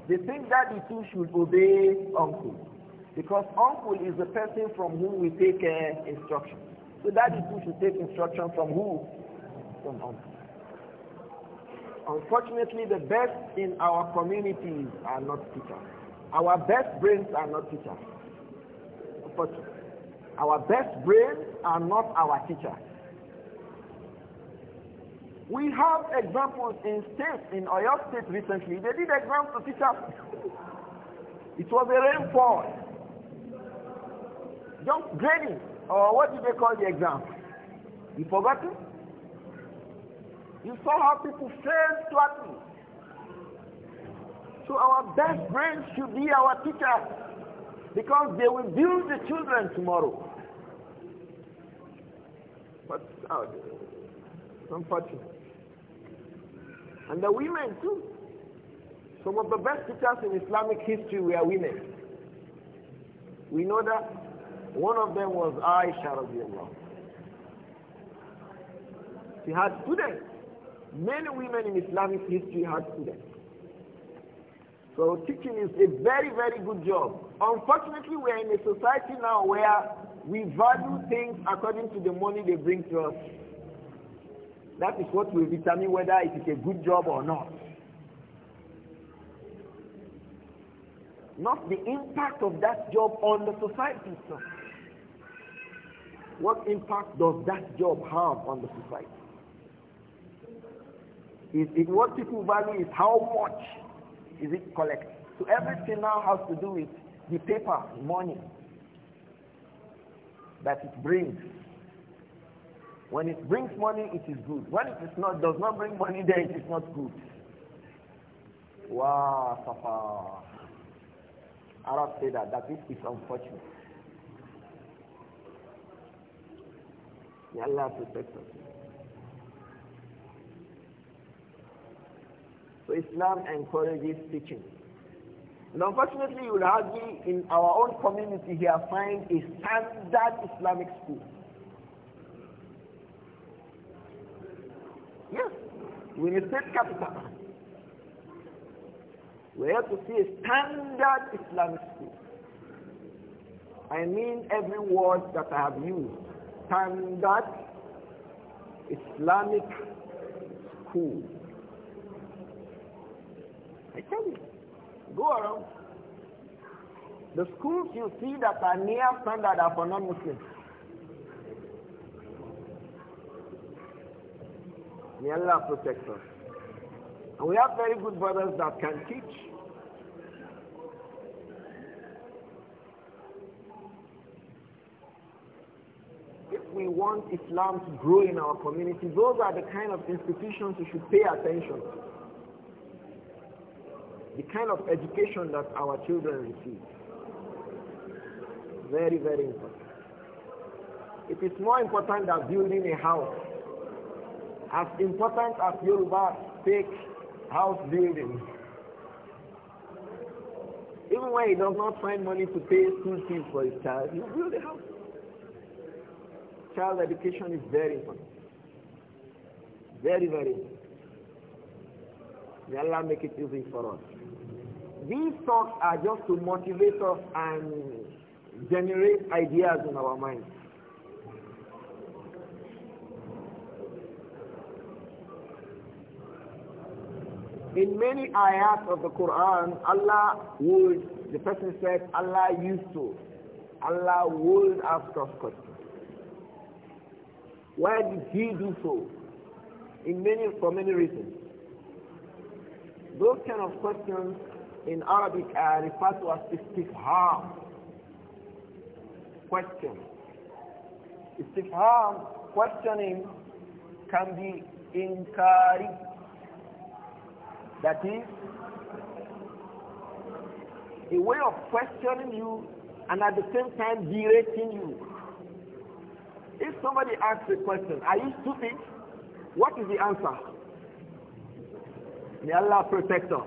They think daddy too should obey uncle. Because uncle is the person from whom we take uh, instruction. So daddy too should take instruction from who? from Unfortunately, the best in our communities are not teachers. Our best brains are not teachers. But Our best brains are not our teachers. We have examples in states, in Oyo State recently, they did exams to teachers. <laughs> it was a rainfall. Just grading, or what did they call the exam? You forgotten? You saw how people failed flatly. So our best brains should be our teachers because they will build the children tomorrow. But uh, unfortunate. And the women too. Some of the best teachers in Islamic history were women. We know that one of them was Aisha She had students. Many women in Islamic history had students. So teaching is a very, very good job. Unfortunately, we are in a society now where we value things according to the money they bring to us. That is what will determine whether it is a good job or not. Not the impact of that job on the society itself. What impact does that job have on the society? Is it what people value is how much is it collected. So everything now has to do with the paper, money that it brings. When it brings money, it is good. When it is not, does not bring money, then it is not good. Wow, Safa. Arabs say that, that is unfortunate. May Allah protect us. So Islam encourages teaching. And unfortunately, you will hardly in our own community here find a standard Islamic school. Yes, we need state capital. We have to see a standard Islamic school. I mean every word that I have used. Standard Islamic school. I tell you, go around. The schools you see that are near standard are for non-Muslims. May Allah protect us. And we have very good brothers that can teach. If we want Islam to grow in our community, those are the kind of institutions we should pay attention to the kind of education that our children receive. Very, very important. It is more important than building a house. As important as Yoruba take house building. Even when he does not find money to pay school fees for his child, he build a house. Child education is very important. Very, very important. May Allah make it easy for us. These talks are just to motivate us and generate ideas in our minds. In many ayat of the Quran, Allah would, the person said, Allah used to, Allah would ask us questions. Why did he do so? In many, for many reasons. Those kind of questions in Arabic are referred to as istifham. Question. Istifham, questioning, can be inkari. That is, a way of questioning you and at the same time berating you. If somebody asks a question, are you stupid? What is the answer? May Allah protect us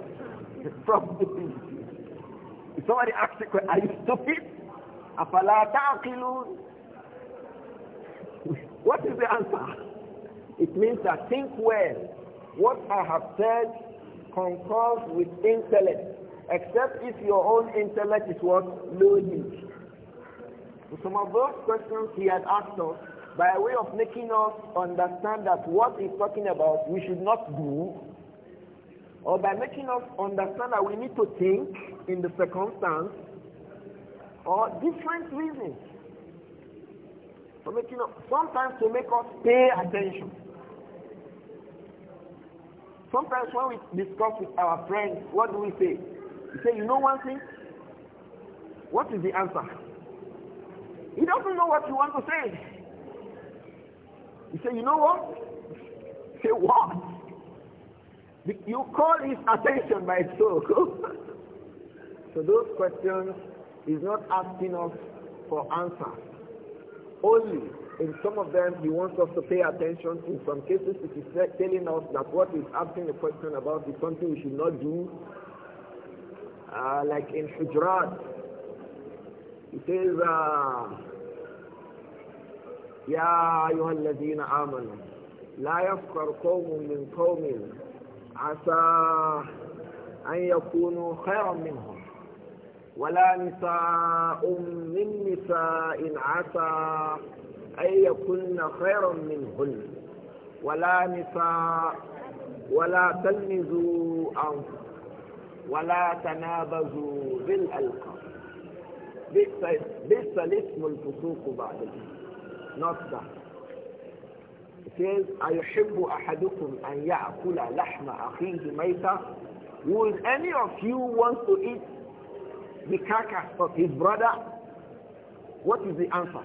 from the people. If Somebody asks you, question, are you stupid? Afala ta'qilun? What is the answer? It means that think well. What I have said concurs with intellect, except if your own intellect is what? Logic. Some of those questions he had asked us by way of making us understand that what he's talking about we should not do or by making us understand that we need to think in the circumstance or different reasons for making us, sometimes to make us pay attention. Sometimes when we discuss with our friends, what do we say? We say, you know one thing? What is the answer? He doesn't know what you want to say. You say, you know what? Say what? You call his attention by so. <laughs> so those questions is not asking us for answers. Only in some of them he wants us to pay attention. In some cases it is telling us that what he's asking the question about is something we should not do. Uh, like in Hujrat, he says, uh, "Ya أيها الذين آمنوا لا يفكر قوم من قوم عسى أن يكونوا خيرا منهم ولا نساء من نساء عسى أن يكن خيرا منهن ولا نساء ولا تلمزوا أنفسكم ولا تنابزوا بالألقاب بئس الاسم الفسوق بعد الإسلام not It says, أَيُحِبُّ أَحَدُكُمْ أَنْ يَأْكُلَ لَحْمَ أَخِيهِ مَيْتًا Would any of you want to eat the carcass of his brother? What is the answer?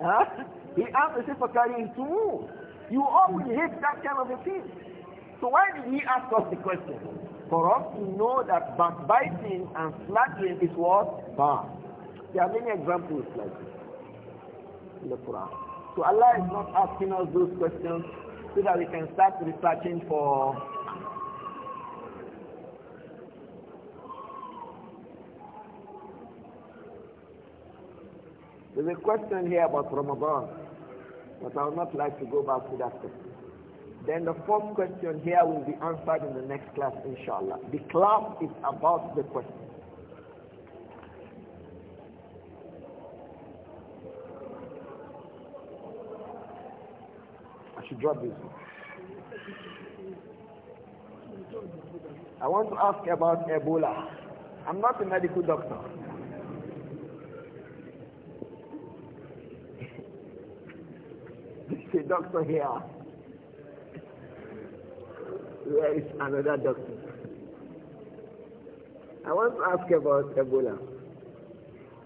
Huh? He is for carrying to move. You all will hate that kind of a thing. So why did he ask us the question? For us to know that backbiting and slandering is what? Bad. There are many examples like this in the Quran. So Allah is not asking us those questions so that we can start researching for There's a question here about Ramadan, but I would not like to go back to that question. Then the fourth question here will be answered in the next class, inshallah. The class is about the question. I should drop this. I want to ask about Ebola. I'm not a medical doctor. There's a doctor here. Where is another doctor? I want to ask about Ebola.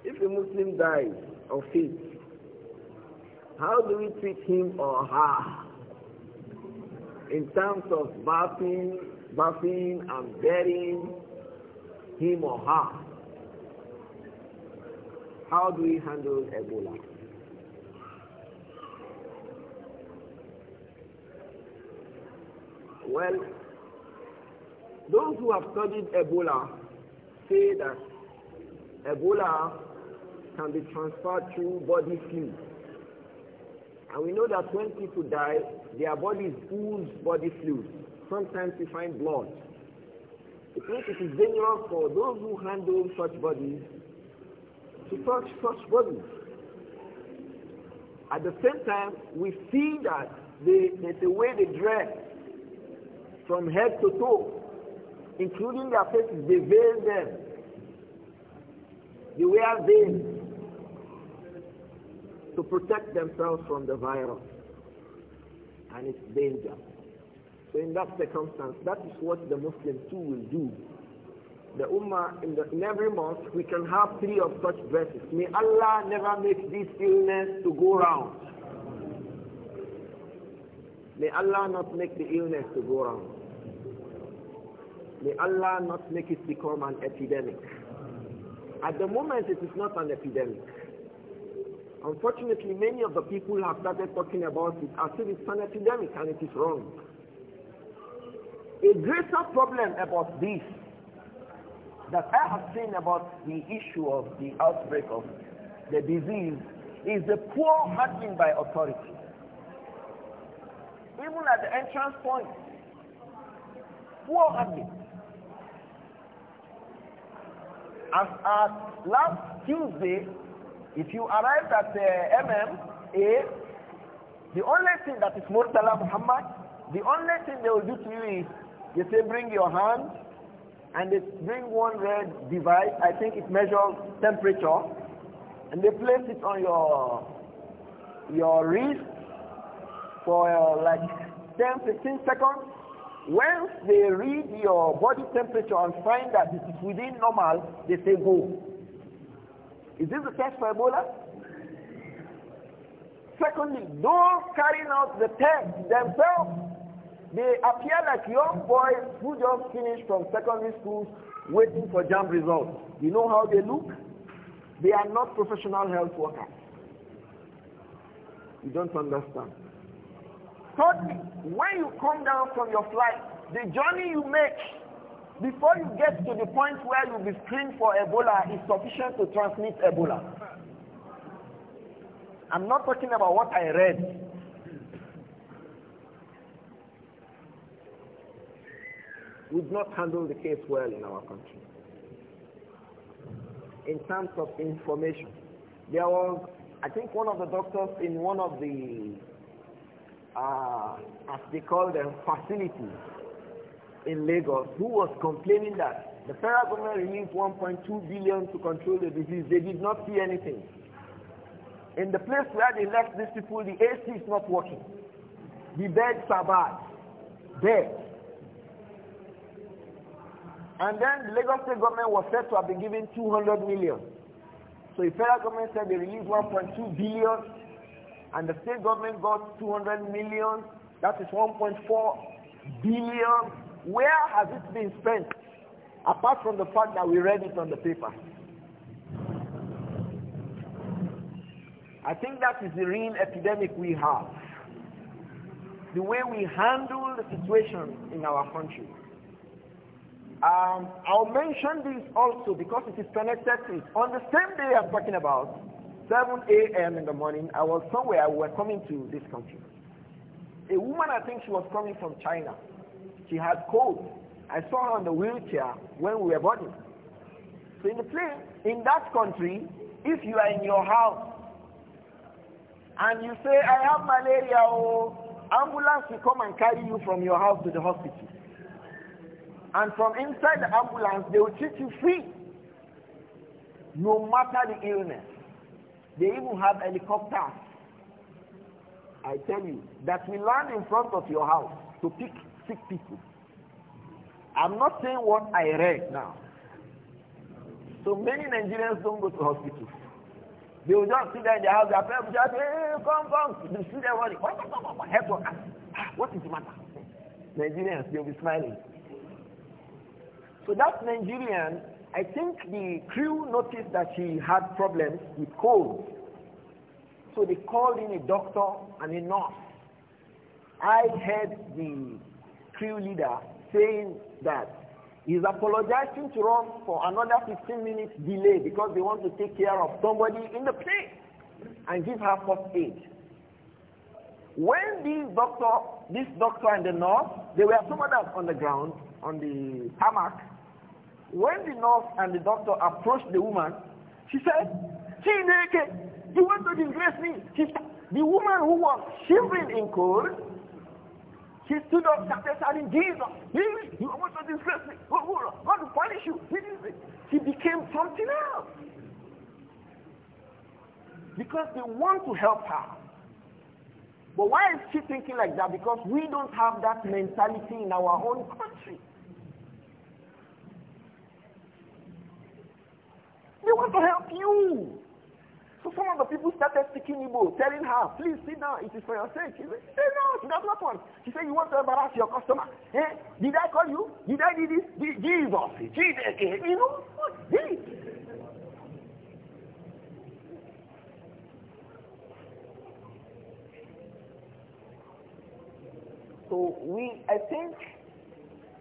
If a Muslim dies of it, how do we treat him or her? in terms of bathing, bathing and burying him or her. How do we handle Ebola? Well, those who have studied Ebola say that Ebola can be transferred through body fluids. And we know that when people die, their bodies ooze body fluids. Sometimes we find blood. It means it is dangerous for those who handle such bodies to touch such bodies. At the same time, we see that they, that the way they dress from head to toe, including their faces, they veil them. They wear veils to protect themselves from the virus and its danger. So in that circumstance, that is what the Muslim too will do. The Ummah, in, the, in every month, we can have three of such verses. May Allah never make this illness to go round. May Allah not make the illness to go round. May Allah not make it become an epidemic. At the moment, it is not an epidemic. Unfortunately, many of the people have started talking about it as if it's an epidemic and it is wrong. A greater problem about this that I have seen about the issue of the outbreak of the disease is the poor handling by authority. Even at the entrance point, poor handling. As at last Tuesday, if you arrived at the uh, MMA, the only thing that is Murtala Muhammad, the only thing they will do to you is they say bring your hand and they bring one red device, I think it measures temperature, and they place it on your your wrist for uh, like 10, 15 seconds. Once they read your body temperature and find that it is within normal, they say go. Is this the test for Ebola? Secondly, those carrying out the test themselves, they appear like young boys who just finished from secondary schools waiting for jam results. You know how they look? They are not professional health workers. You don't understand. Thirdly, when you come down from your flight, the journey you make before you get to the point where you'll be screened for Ebola, is sufficient to transmit Ebola. I'm not talking about what I read. We've not handled the case well in our country. In terms of information, there was, I think, one of the doctors in one of the, uh, as they call them, <laughs> facilities in Lagos who was complaining that the federal government released 1.2 billion to control the disease. They did not see anything. In the place where they left these people, the AC is not working. The beds are bad. Dead. And then the Lagos state government was said to have been given 200 million. So the federal government said they released 1.2 billion, and the state government got 200 million. That is 1.4 billion where has it been spent? Apart from the fact that we read it on the paper. I think that is the real epidemic we have. The way we handle the situation in our country. Um, I'll mention this also because it is connected to it. On the same day I'm talking about, 7 a.m. in the morning, I was somewhere, we were coming to this country. A woman, I think she was coming from China, she had cold. I saw her on the wheelchair when we were boarding. So in the plane, in that country, if you are in your house and you say, I have malaria, oh, ambulance will come and carry you from your house to the hospital. And from inside the ambulance, they will treat you free, no matter the illness. They even have helicopters. I tell you, that will land in front of your house to pick sick people. I'm not saying what I read now. So many Nigerians don't go to hospitals. They will just sit there in their house, their parents just say, hey, come, come. They sit there worried. What, what, what, what, help us. Ah, ah, what is the matter? Nigerians, they'll be smiling. So that Nigerian, I think the crew noticed that she had problems with cold. So they called in a doctor and a nurse. I heard the crew leader saying that he's apologizing to us for another 15 minutes delay because they want to take care of somebody in the plane and give her first aid. When this doctor, this doctor and the nurse, there were some others on the ground, on the tarmac. When the nurse and the doctor approached the woman, she said, Chineke, you want to disgrace me? She, the woman who was shivering in cold he stood up, started shouting, Jesus, Jesus, you want to disgrace me. God will punish you. He became something else. Because they want to help her. But why is she thinking like that? Because we don't have that mentality in our own country. They want to help you. So some of the people started speaking Igbo, telling her, please sit down, it is for your sake. She said, "No, she does not want." She said, you want to embarrass your customer. Eh? Did I call you? Did I do this? Jesus, Jesus, eh, you know, what So we, I think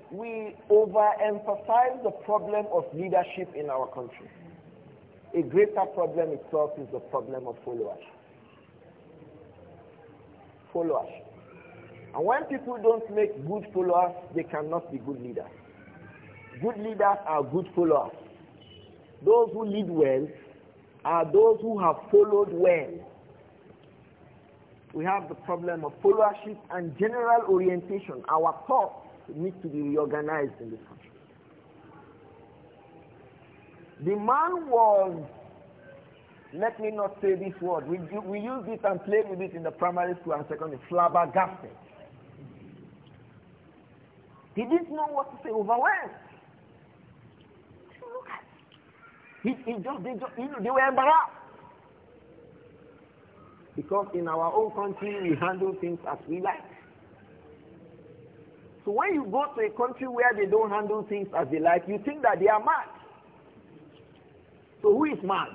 we overemphasize the problem of leadership in our country a greater problem itself is the problem of followers. Followers. And when people don't make good followers, they cannot be good leaders. Good leaders are good followers. Those who lead well are those who have followed well. We have the problem of followership and general orientation. Our thoughts needs to be reorganized in this country. The man was, let me not say this word, we, do, we used it and played with it in the primary school and secondary, flabbergasted. He didn't know what to say, overwhelmed. He, he just, did. you know, they were embarrassed. Because in our own country, we handle things as we like. So when you go to a country where they don't handle things as they like, you think that they are mad. So who is mad?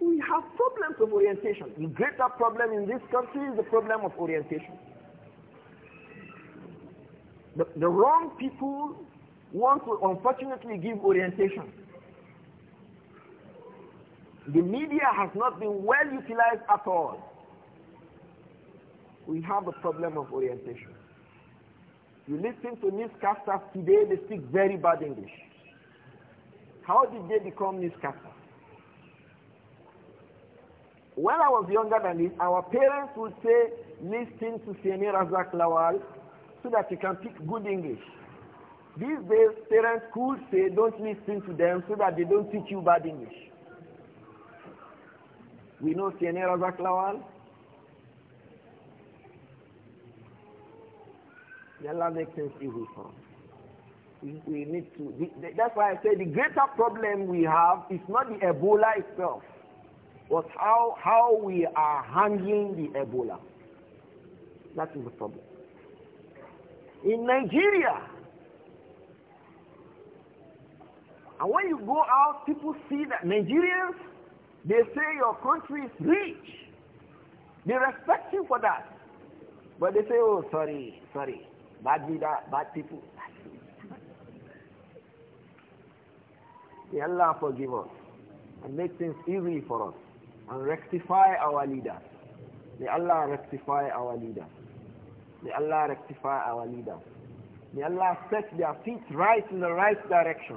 We have problems of orientation. The greater problem in this country is the problem of orientation. The, the wrong people want to unfortunately give orientation. The media has not been well utilized at all. We have a problem of orientation. You listen to newscasters today, they speak very bad English. How did they become newscasters? When I was younger than this, our parents would say, listen to Sene Razak Lawal so that you can pick good English. These days, parents could say, don't listen to them so that they don't teach you bad English. We know Sene Razak Lawal. May Allah make things easy we need to. That's why I say the greater problem we have is not the Ebola itself, but how how we are handling the Ebola. That is the problem. In Nigeria, and when you go out, people see that Nigerians, they say your country is rich. They respect you for that. But they say, oh, sorry, sorry, bad leader, bad people. May Allah forgive us and make things easy for us and rectify our leaders. May Allah rectify our leaders. May Allah rectify our leaders. May Allah set their feet right in the right direction.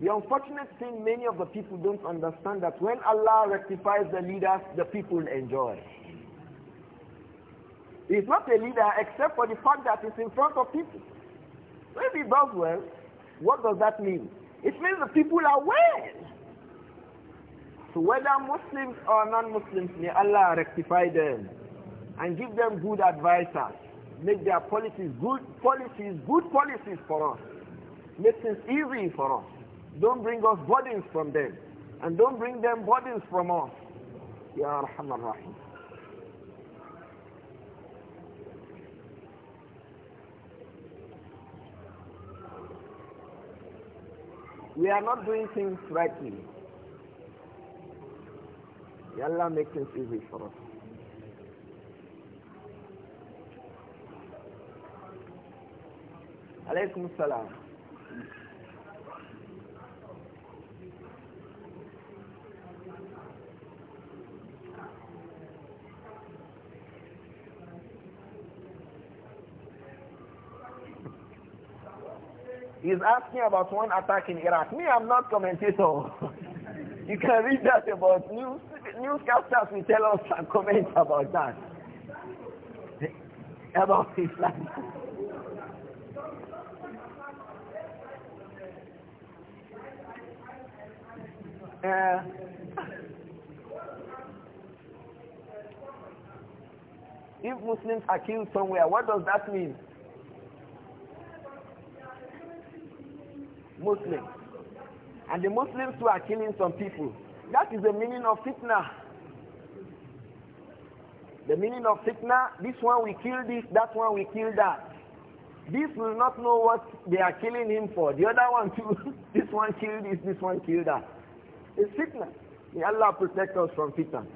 The unfortunate thing many of the people don't understand that when Allah rectifies the leaders, the people enjoy. He's not a leader except for the fact that he's in front of people. When he does well, what does that mean? It means the people are well. So whether Muslims or non-Muslims, may Allah rectify them and give them good advisors. Make their policies good policies, good policies for us. Make things easy for us. Don't bring us burdens from them. And don't bring them burdens from us. Ya Rahman Rahim. We are not doing things rightly. Allah makes things easy for us. Alaykum salam. He's asking about one attack in Iraq. Me, I'm not commentator. <laughs> you can read that about news. Newscasters will tell us and comment about that. <laughs> about Islam. <laughs> uh, if Muslims are killed somewhere, what does that mean? Muslims. And the Muslims who are killing some people. That is the meaning of fitna. The meaning of fitna, this one we kill this, that one we kill that. This will not know what they are killing him for. The other one too, <laughs> this one kill this, this one kill that. It's fitna. May Allah protect us from fitna.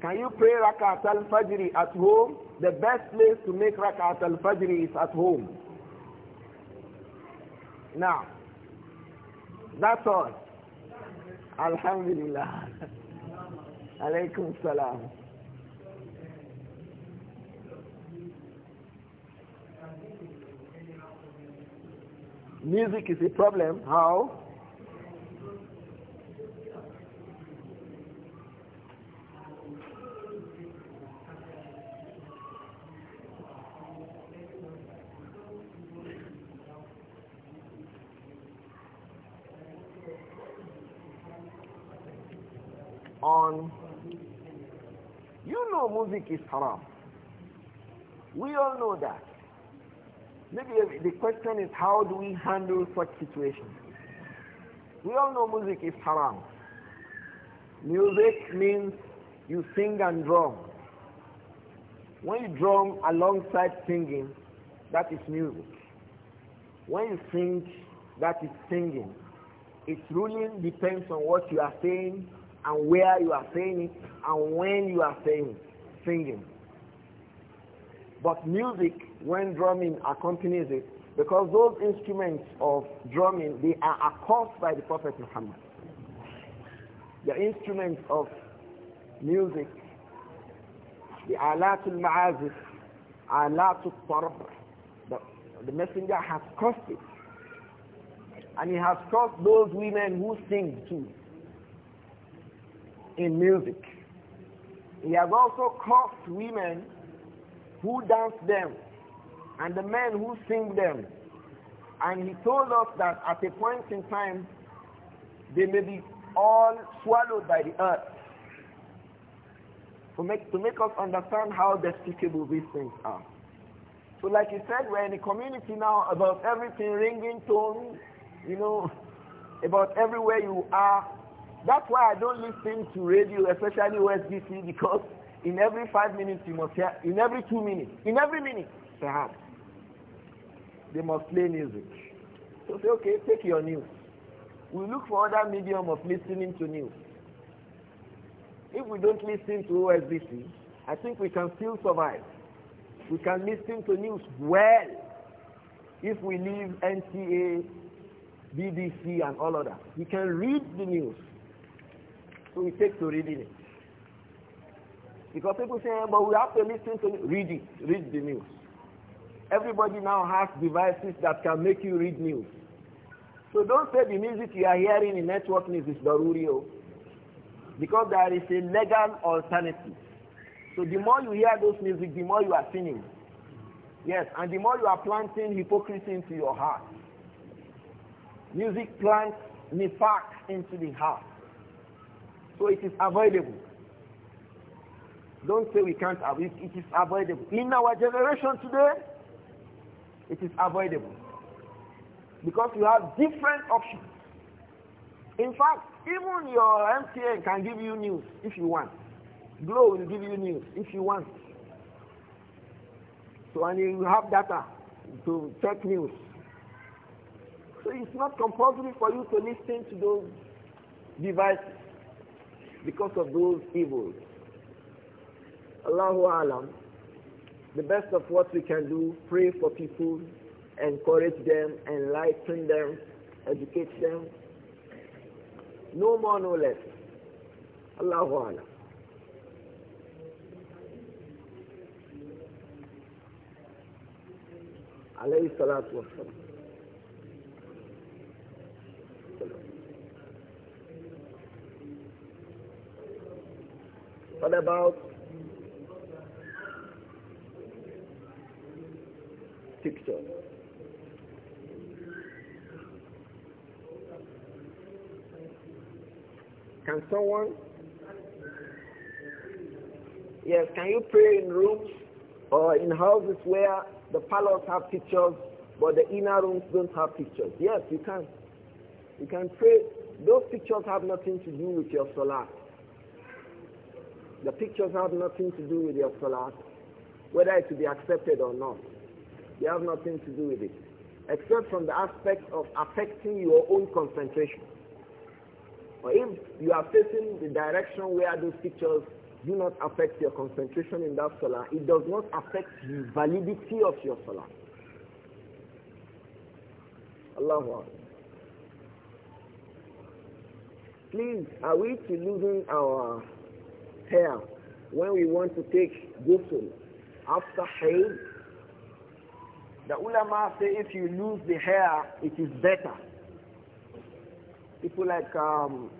Can you pray Rakat al-Fajr at home? the best place to make rakat al-fajr is at home. Now, that's all. Alhamdulillah. <laughs> Alaykum salam. Music is a problem. How? on you know music is haram we all know that maybe the question is how do we handle such situations we all know music is haram music means you sing and drum when you drum alongside singing that is music when you sing that is singing its ruling depends on what you are saying and where you are saying it and when you are saying singing. But music, when drumming accompanies it, because those instruments of drumming, they are caused by the Prophet Muhammad. The instruments of music, the alatul ma'azif, alatul tarab, the, messenger has caused it. And he has caused those women who sing too in music. He has also cursed women who dance them and the men who sing them. And he told us that at a point in time, they may be all swallowed by the earth. To make, to make us understand how despicable these things are. So like he said, we're in a community now about everything, ringing tones, you know, about everywhere you are, that's why I don't listen to radio, especially USBC, because in every five minutes you must hear, in every two minutes, in every minute, perhaps, they must play music. So say, okay, take your news. We look for other medium of listening to news. If we don't listen to OSBC, I think we can still survive. We can listen to news well if we leave NTA, BBC and all of that. We can read the news we take to reading it. Because people say, but we have to listen to read it, read the news. Everybody now has devices that can make you read news. So don't say the music you are hearing in network news is Darurio. Oh. Because there is a legal alternative. So the more you hear those music, the more you are sinning. Yes, and the more you are planting hypocrisy into your heart. Music plants nifak into the heart. So it is avoidable. Don't say we can't avoid it. It is avoidable. In our generation today, it is avoidable. Because you have different options. In fact, even your MTN can give you news if you want. Glow will give you news if you want. So and you have data to check news. So it's not compulsory for you to listen to those devices because of those evils. Allahu Alam, the best of what we can do, pray for people, encourage them, enlighten them, educate them. No more, no less. Allahu Alam. عليه الصلاة والسلام What about pictures? Can someone? Yes, can you pray in rooms or in houses where the palace have pictures but the inner rooms don't have pictures? Yes, you can. You can pray. Those pictures have nothing to do with your salah. The pictures have nothing to do with your salah, whether it will be accepted or not. They have nothing to do with it, except from the aspect of affecting your own concentration. Or if you are facing the direction where those pictures do not affect your concentration in that salah, it does not affect the validity of your salah. Allahu Please, are we to losing our hair, when we want to take ghusl after haid, the ulama say if you lose the hair, it is better. People like um,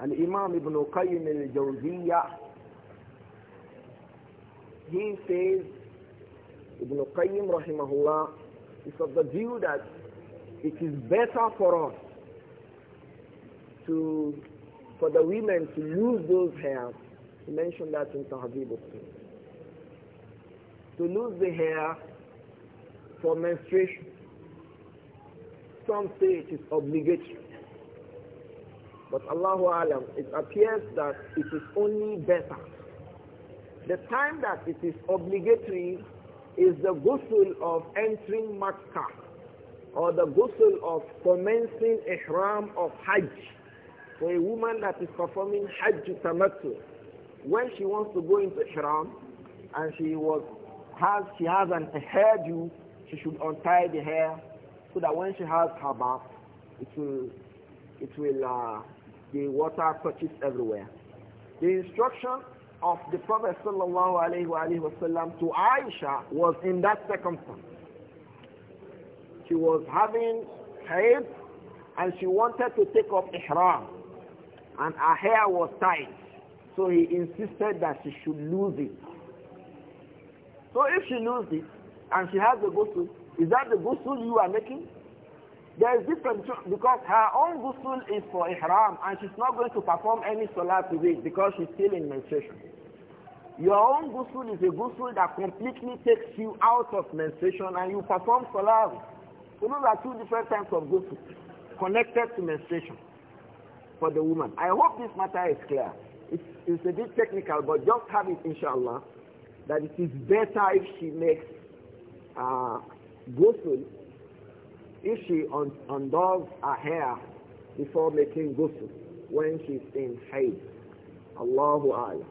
an Imam Ibn Qayyim al-Jawziyah, he says, Ibn Qayyim rahimahullah, is of the view that it is better for us to, for the women to lose those hairs he mentioned that in Tahzib To lose the hair for menstruation, some say it is obligatory. But Allahu Alam, it appears that it is only better. The time that it is obligatory is the ghusl of entering Makkah or the ghusl of commencing ihram of Hajj. For a woman that is performing Hajj tamattu, when she wants to go into ihram and she was has she has an hairdo, she should untie the hair so that when she has her bath, it will it will uh, the water touches everywhere. The instruction of the Prophet sallallahu alaihi wasallam to Aisha was in that circumstance. She was having hair, and she wanted to take off ihram and her hair was tied. So he insisted that she should lose it. So if she loses it and she has the ghusl, is that the ghusl you are making? There is different because her own ghusl is for ihram and she's not going to perform any salah today because she's still in menstruation. Your own ghusl is a ghusl that completely takes you out of menstruation and you perform salah. So those there are two different types of ghusl connected to menstruation for the woman. I hope this matter is clear. It's, it's a bit technical, but just have it, inshallah, that it is better if she makes uh, ghusl, if she undoes her hair before making ghusl when she's in haid. Allahu Akbar.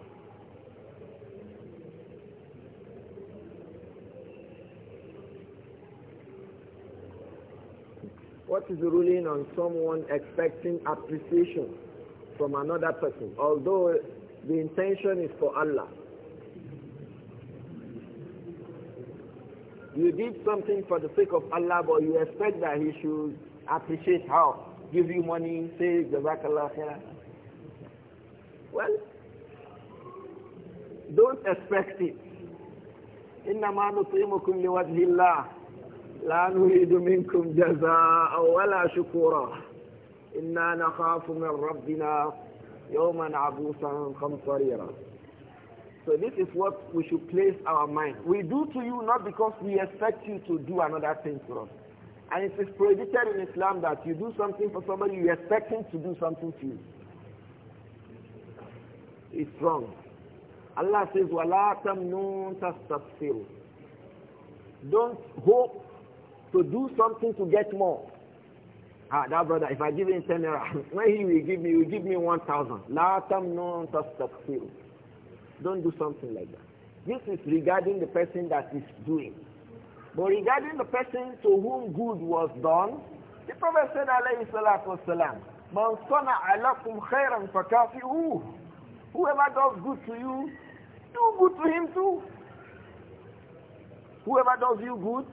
What is the ruling on someone expecting appreciation from another person, although the intention is for Allah. You did something for the sake of Allah, but you expect that He should appreciate how, give you money, say Jazakallah khairan. Well, don't expect it. إنما نطعمكم لوجه الله لا نريد منكم جزاء ولا شكورا إنا نخاف من ربنا يوما عبوسا قمطريرا So this is what we should place our mind. We do to you not because we expect you to do another thing for us. And it is prohibited in Islam that you do something for somebody, you expect him to do something to you. It's wrong. Allah says, وَلَا تَمْنُونْ تَسْتَفْسِرُ Don't hope to do something to get more. Ah, that brother, if I give him 10 naira, <laughs> when he will give me, he will give me 1,000. La tamnun tastaqfiru. Don't do something like that. This is regarding the person that is doing. But regarding the person to whom good was done, the Prophet said, alayhi salatu wasalam, Man sana alakum khairan Whoever does good to you, do good to him too. Whoever does you good,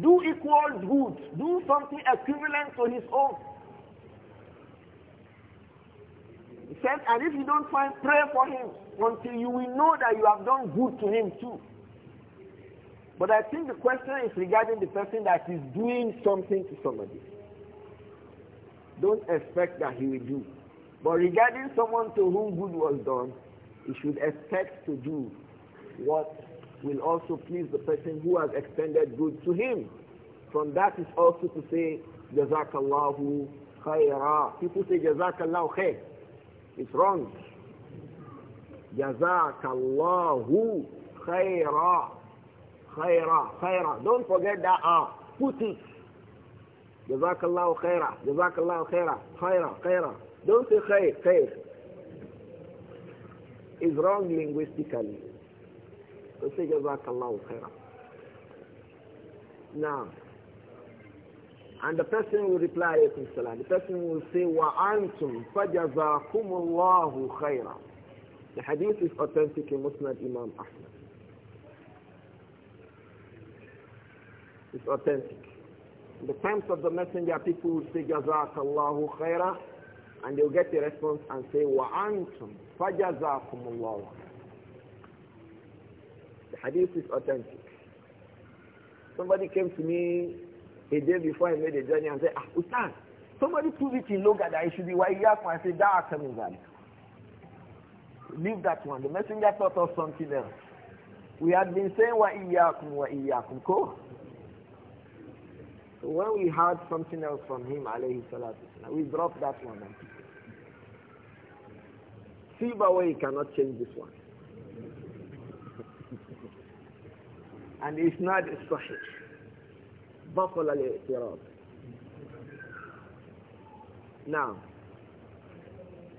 do equal good. Do something equivalent to his own. He said, and if you don't find, prayer for him until you will know that you have done good to him too. But I think the question is regarding the person that is doing something to somebody. Don't expect that he will do. But regarding someone to whom good was done, he should expect to do what will also please the person who has extended good to him. From that is also to say, Jazakallahu khaira. People say Jazakallahu khayr. It's wrong. Jazakallahu khaira. Khaira, khaira. Don't forget that ah. Put it. Jazakallahu khaira. Jazakallahu khaira. Khaira, khaira. Don't say khayr. Khayr. It's wrong linguistically. So say الله خيرا. Now, and the person will reply, alaykum salam. The person will say, wa antum الله خيرا. The hadith is authentic in Musnad Imam Ahmad. It's authentic. In the times of the messenger, people will say, الله خيرا, And they'll get the response and say, wa antum fajazakumullahu khairan. The hadith is authentic. Somebody came to me a day before I made a journey and said, Ah, Ustaz, somebody prove it in Loga that it should be Waiyak. I said, That coming value. Leave that one. The messenger thought of something else. We had been saying Waiyakum, Waiyakum, ko. So when we heard something else from him, alayhi salatu, we dropped that one. See, but way you cannot change this one. and it's not صحيح بطل الاعتراض Now,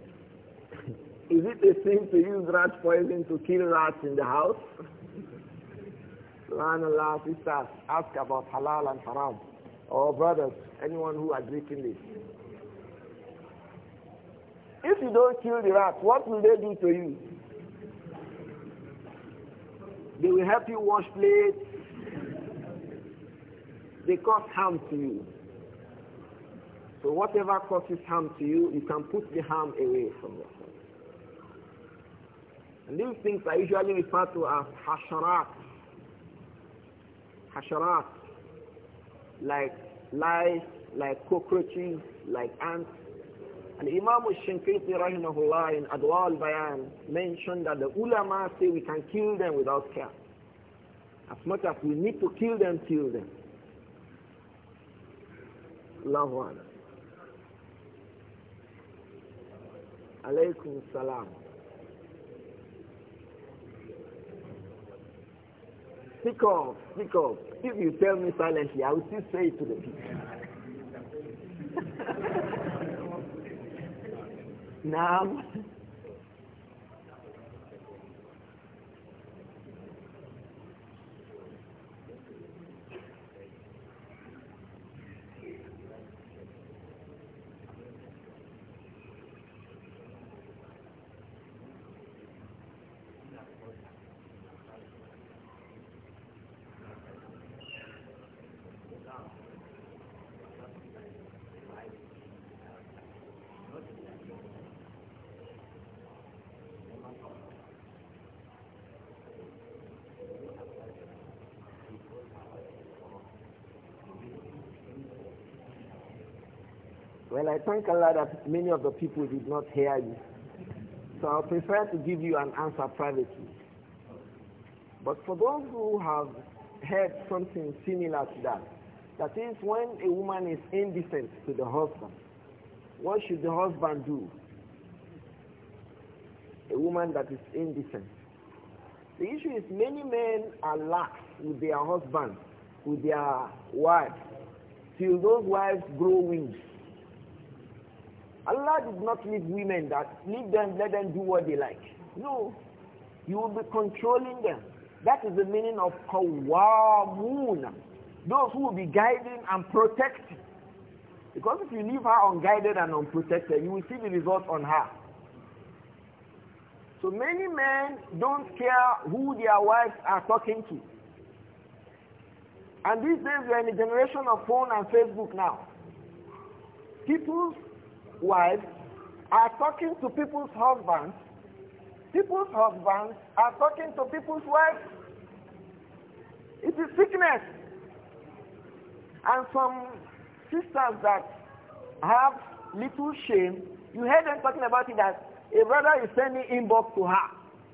<laughs> Is it a sin to use rat poison to kill rats in the house? SubhanAllah, sisters, ask about halal and haram. Or brothers, anyone who are drinking this. If you don't kill the rat, what will they do to you? They will help you wash plates. They cause harm to you. So whatever causes harm to you, you can put the harm away from yourself. And these things are usually referred to as hasharat. Hasharat. Like lice, like cockroaches, like ants, and Imam al-Shinkiti rahimahullah in Adwa al-Bayan mentioned that the ulama say we can kill them without care. As much as we need to kill them, kill them. Love one. Alaykum salam. Speak up, speak up. If you tell me silently, I will still say it to the people. <laughs> Now. I thank Allah that many of the people did not hear you. So I prefer to give you an answer privately. But for those who have heard something similar to that, that is when a woman is indecent to the husband, what should the husband do? A woman that is indecent. The issue is many men are lax with their husbands, with their wives, till those wives grow wings. Allah did not leave women that leave them, let them do what they like. No. You will be controlling them. That is the meaning of moon. Those who will be guiding and protecting. Because if you leave her unguided and unprotected, you will see the result on her. So many men don't care who their wives are talking to. And these days we are in a generation of phone and Facebook now. People wives are talking to people's husbands. People's husbands are talking to people's wives. It is sickness. And some sisters that have little shame, you hear them talking about it that a brother is sending inbox to her.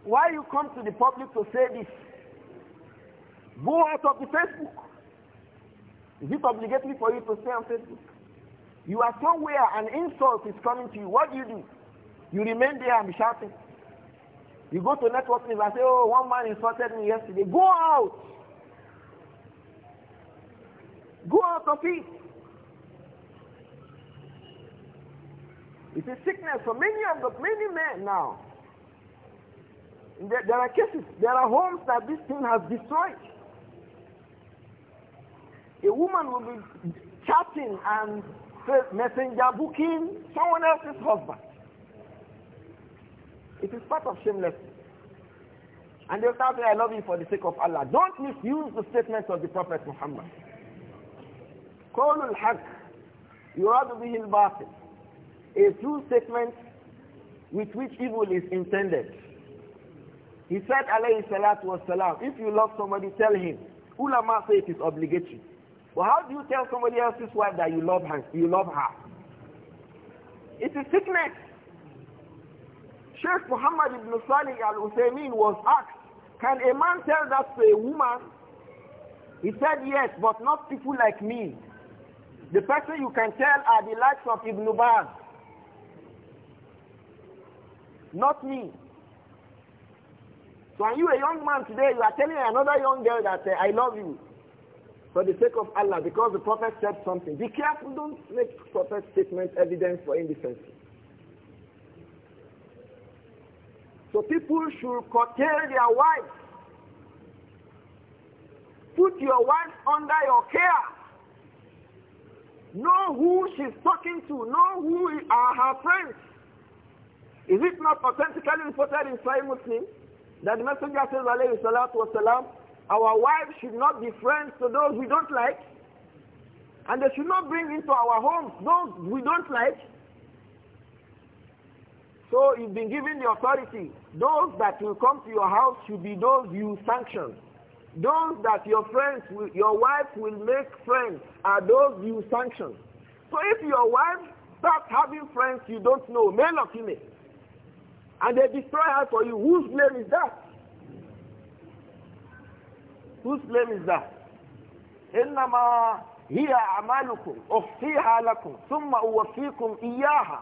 Why you come to the public to say this? Go out of the Facebook. Is it obligatory for you to stay on Facebook? You are somewhere and insult is coming to you. What do you do? You remain there and be shouting. You go to network and say, oh, one man insulted me yesterday. Go out. Go out of it. It's a sickness for many of the many men now. There, there are cases, there are homes that this thing has destroyed. A woman will be chatting and messenger booking someone else's husband. It is part of shamelessness. And they'll start saying, I love you for the sake of Allah. Don't misuse the statements of the Prophet Muhammad. you الحق يراد به الباطل a true statement with which evil is intended. He said, alayhi salatu salam, if you love somebody, tell him. Ulama say it is obligatory. Well, how do you tell somebody else's wife that you love her? You love her? It's a sickness. Sheikh Muhammad ibn Salih al Uthaymeen was asked, Can a man tell that to a woman? He said, Yes, but not people like me. The person you can tell are the likes of Ibn Baz. Not me. So are you a young man today, you are telling another young girl that uh, I love you for the sake of Allah, because the Prophet said something. Be careful, don't make Prophet's statement evidence for indecency. So people should curtail their wives. Put your wife under your care. Know who she's talking to. Know who are her friends. Is it not authentically reported in Sahih Muslim that the Messenger says, alayhi salatu wasalam, our wives should not be friends to those we don't like. And they should not bring into our homes those we don't like. So you've been given the authority. Those that will come to your house should be those you sanction. Those that your friends, your wife will make friends are those you sanction. So if your wife starts having friends you don't know, male or female, and they destroy her for you, whose blame is that? Whose blame is that? إنما هي أعمالكم أخفيها لكم ثم أوفيكم إياها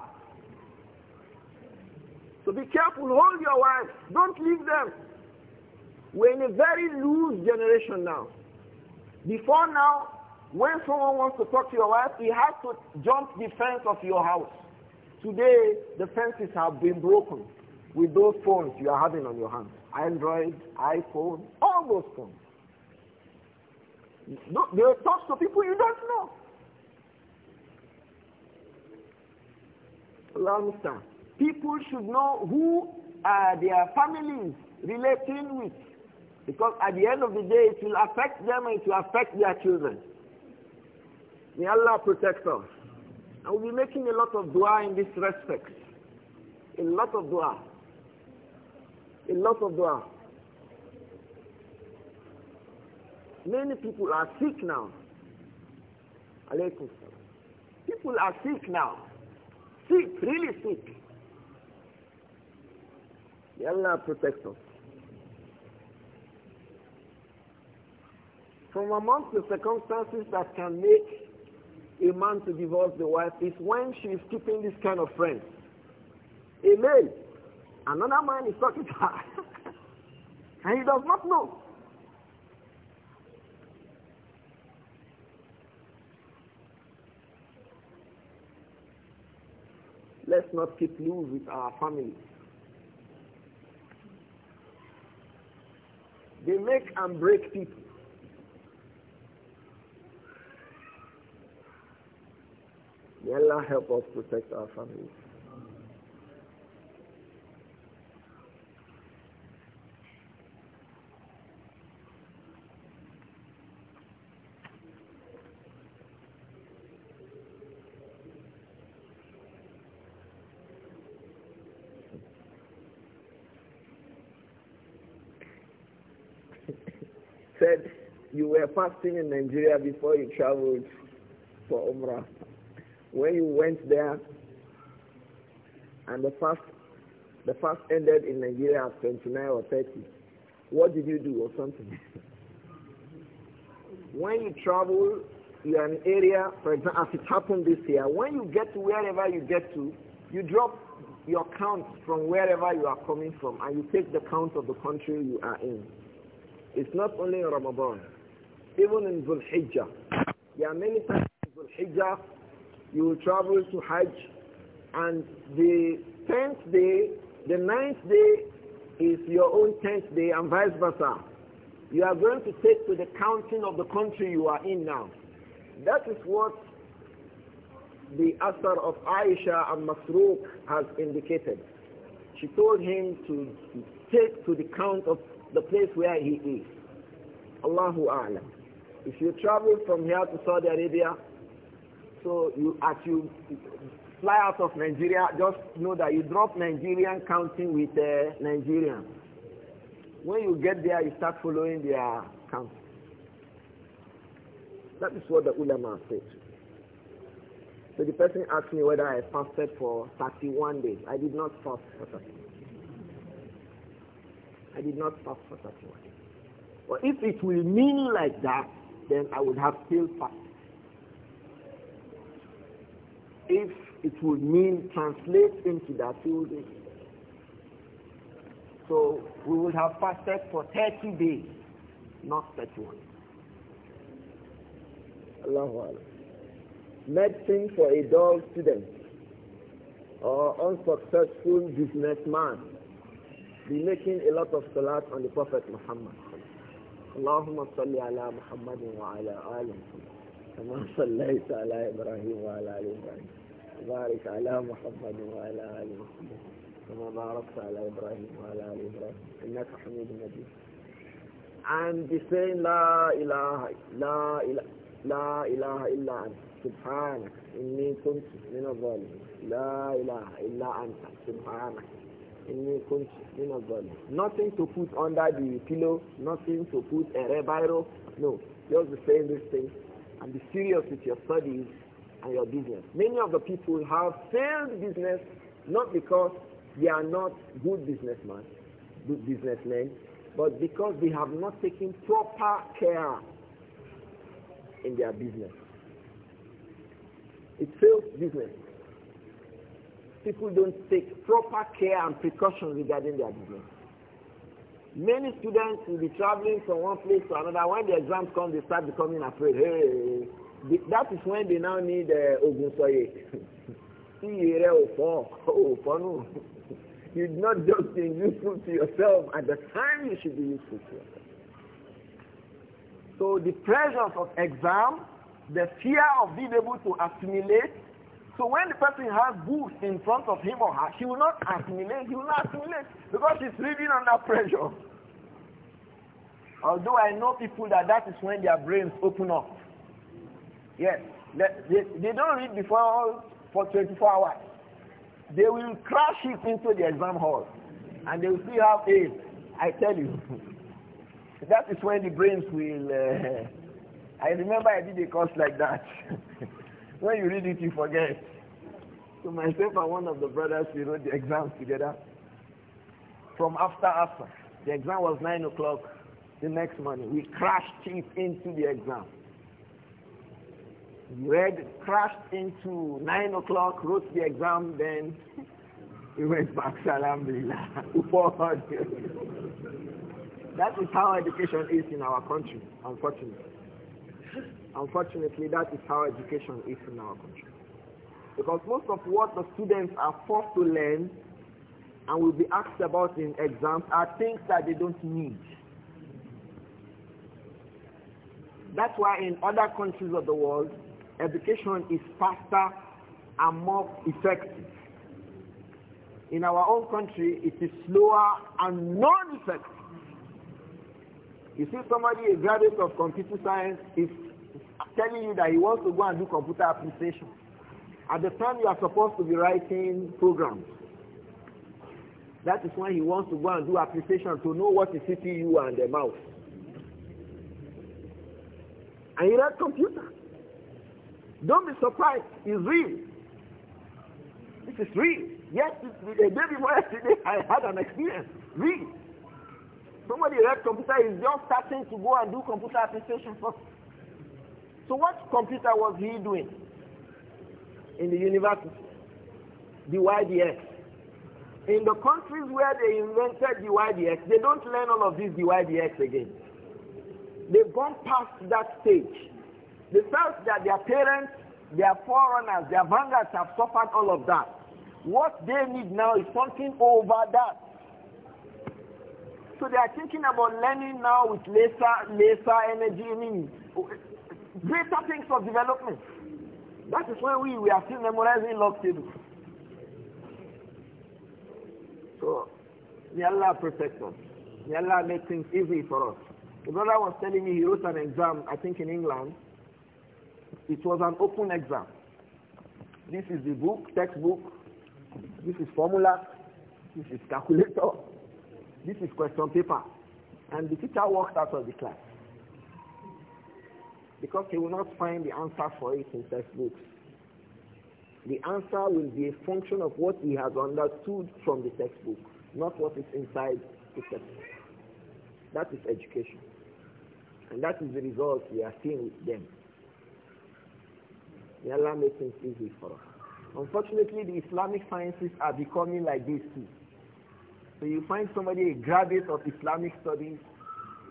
So be careful, hold your wives, don't leave them. We're in a very loose generation now. Before now, when someone wants to talk to your wife, he has to jump the fence of your house. Today, the fences have been broken with those phones you are having on your hand. Android, iPhone, all those phones they will talk to people you don't know. Long People should know who are their families relating with. Because at the end of the day, it will affect them and it will affect their children. May Allah protect us. I will be making a lot of dua in this respect. A lot of dua. A lot of dua. Many people are sick now. Alaykum People are sick now. Sick, really sick. May Allah protect us. From amongst the circumstances that can make a man to divorce the wife is when she is keeping this kind of friends. A male, another man is talking to her, <laughs> and he does not know. Let's not keep loose with our families. They make and break people. May Allah help us protect our families. were fasting in Nigeria before you traveled for Umrah. When you went there and the fast the fast ended in Nigeria at 29 or 30, what did you do or something? when you travel, you're in an area, for example, as it happened this year, when you get to wherever you get to, you drop your count from wherever you are coming from and you take the count of the country you are in. It's not only in Ramadan even in Dhul Hijjah. There are many times in Dhul Hijjah you will travel to Hajj and the tenth day, the ninth day is your own tenth day and vice versa. You are going to take to the counting of the country you are in now. That is what the Asar of Aisha and Masruq has indicated. She told him to take to the count of the place where he is. Allahu A'lam. If you travel from here to Saudi Arabia, so you as you fly out of Nigeria, just know that you drop Nigerian counting with the uh, Nigerian. When you get there, you start following their count. That is what the ulama said. So the person asked me whether I fasted for 31 days. I did not fast for 31 I did not fast for 31 days. But if it will mean like that, then I would have still fast. If it would mean translate into that days, So we would have fasted for 30 days, not 31. Allahu Allah. Medicine for a dull student or unsuccessful businessman be making a lot of salat on the Prophet Muhammad اللهم صل على محمد وعلى آل محمد كما صليت على إبراهيم وعلى آل إبراهيم بارك على محمد وعلى آل محمد كما باركت على إبراهيم وعلى آل إبراهيم إنك حميد مجيد عن بسين لا إله لا إله لا إله إلا أنت سبحانك إني كنت من الظالمين لا إله إلا أنت سبحانك Nothing to put under the pillow, nothing to put a rebiro. No, just be saying these things and be serious with your studies and your business. Many of the people have failed business not because they are not good businessmen, good businessmen, but because they have not taken proper care in their business. It fails business people don't take proper care and precaution regarding their business. Many students will be traveling from one place to another. When the exams come, they start becoming afraid. Hey, that is when they now need uh, Ogunsoye. <laughs> <laughs> you You're not just being useful to yourself at the time you should be useful to yourself. So the pressure of exam, the fear of being able to assimilate, so when the person has books in front of him or her, she will not assimilate, he will not assimilate because she's living under pressure. Although I know people that that is when their brains open up. Yes, they, they, they don't read before for 24 hours. They will crash it into the exam hall and they will still have A. I I tell you. <laughs> that is when the brains will... Uh, <laughs> I remember I did a course like that. <laughs> When you read it, you forget. So myself and one of the brothers, we wrote the exams together. From after after, the exam was 9 o'clock the next morning. We crashed into the exam. We read, crashed into 9 o'clock, wrote the exam, then we went back, salam <laughs> That is how education is in our country, unfortunately. Unfortunately, that is how education is in our country. Because most of what the students are forced to learn and will be asked about in exams are things that they don't need. That's why in other countries of the world, education is faster and more effective. In our own country, it is slower and non-effective. You see somebody, a graduate of computer science, is telling you that he wants to go and do computer application. At the time you are supposed to be writing programs. That is why he wants to go and do application to know what is CPU and the mouse. And he read computer. Don't be surprised. It's real. This is real. Yes, the day before yesterday, I had an experience. Real. Somebody read computer is just starting to go and do computer application first. So what computer was he doing in the university? The YDX. In the countries where they invented the YDX, they don't learn all of this the YDX again. They've gone past that stage. They felt that their parents, their forerunners, their vanguards have suffered all of that. What they need now is something over that. So they are thinking about learning now with lesser, laser energy. I mean, greater things of development. That is why we, we are still memorizing log tables. So, may Allah protect us. May Allah make things easy for us. The brother was telling me he wrote an exam, I think in England. It was an open exam. This is the book, textbook. This is formula. This is calculator. This is question paper. And the teacher walked out of the class. Because he will not find the answer for it in textbooks. The answer will be a function of what he has understood from the textbook, not what is inside the textbook. That is education. And that is the result we are seeing with them. May Allah make things easy for us. Unfortunately, the Islamic sciences are becoming like this too. So you find somebody a graduate of Islamic studies,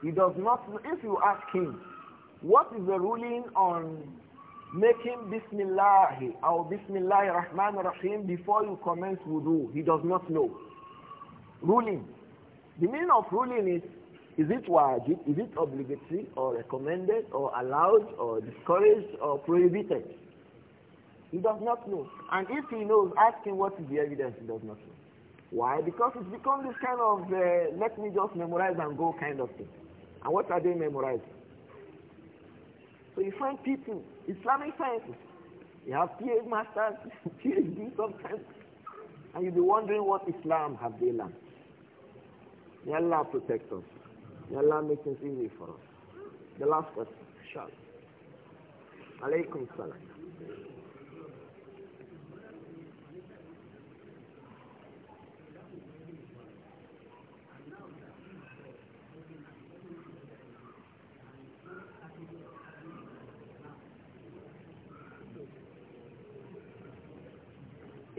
he does not, if you ask him, what is the ruling on making Bismillah or Bismillah Rahman Rahim before you commence wudu? He does not know. Ruling. The meaning of ruling is, is it wajib, is it obligatory or recommended or allowed or discouraged or prohibited? He does not know. And if he knows, ask him what is the evidence he does not know. Why? Because it's become this kind of uh, let me just memorize and go kind of thing. And what are they memorizing? So you find people, Islamic sciences, you have PhD masters, <laughs> PhD sometimes, and you'll be wondering what Islam have they learned. May Allah protect us. May Allah make things easy for us. The last question. Sure. Alaykum salam.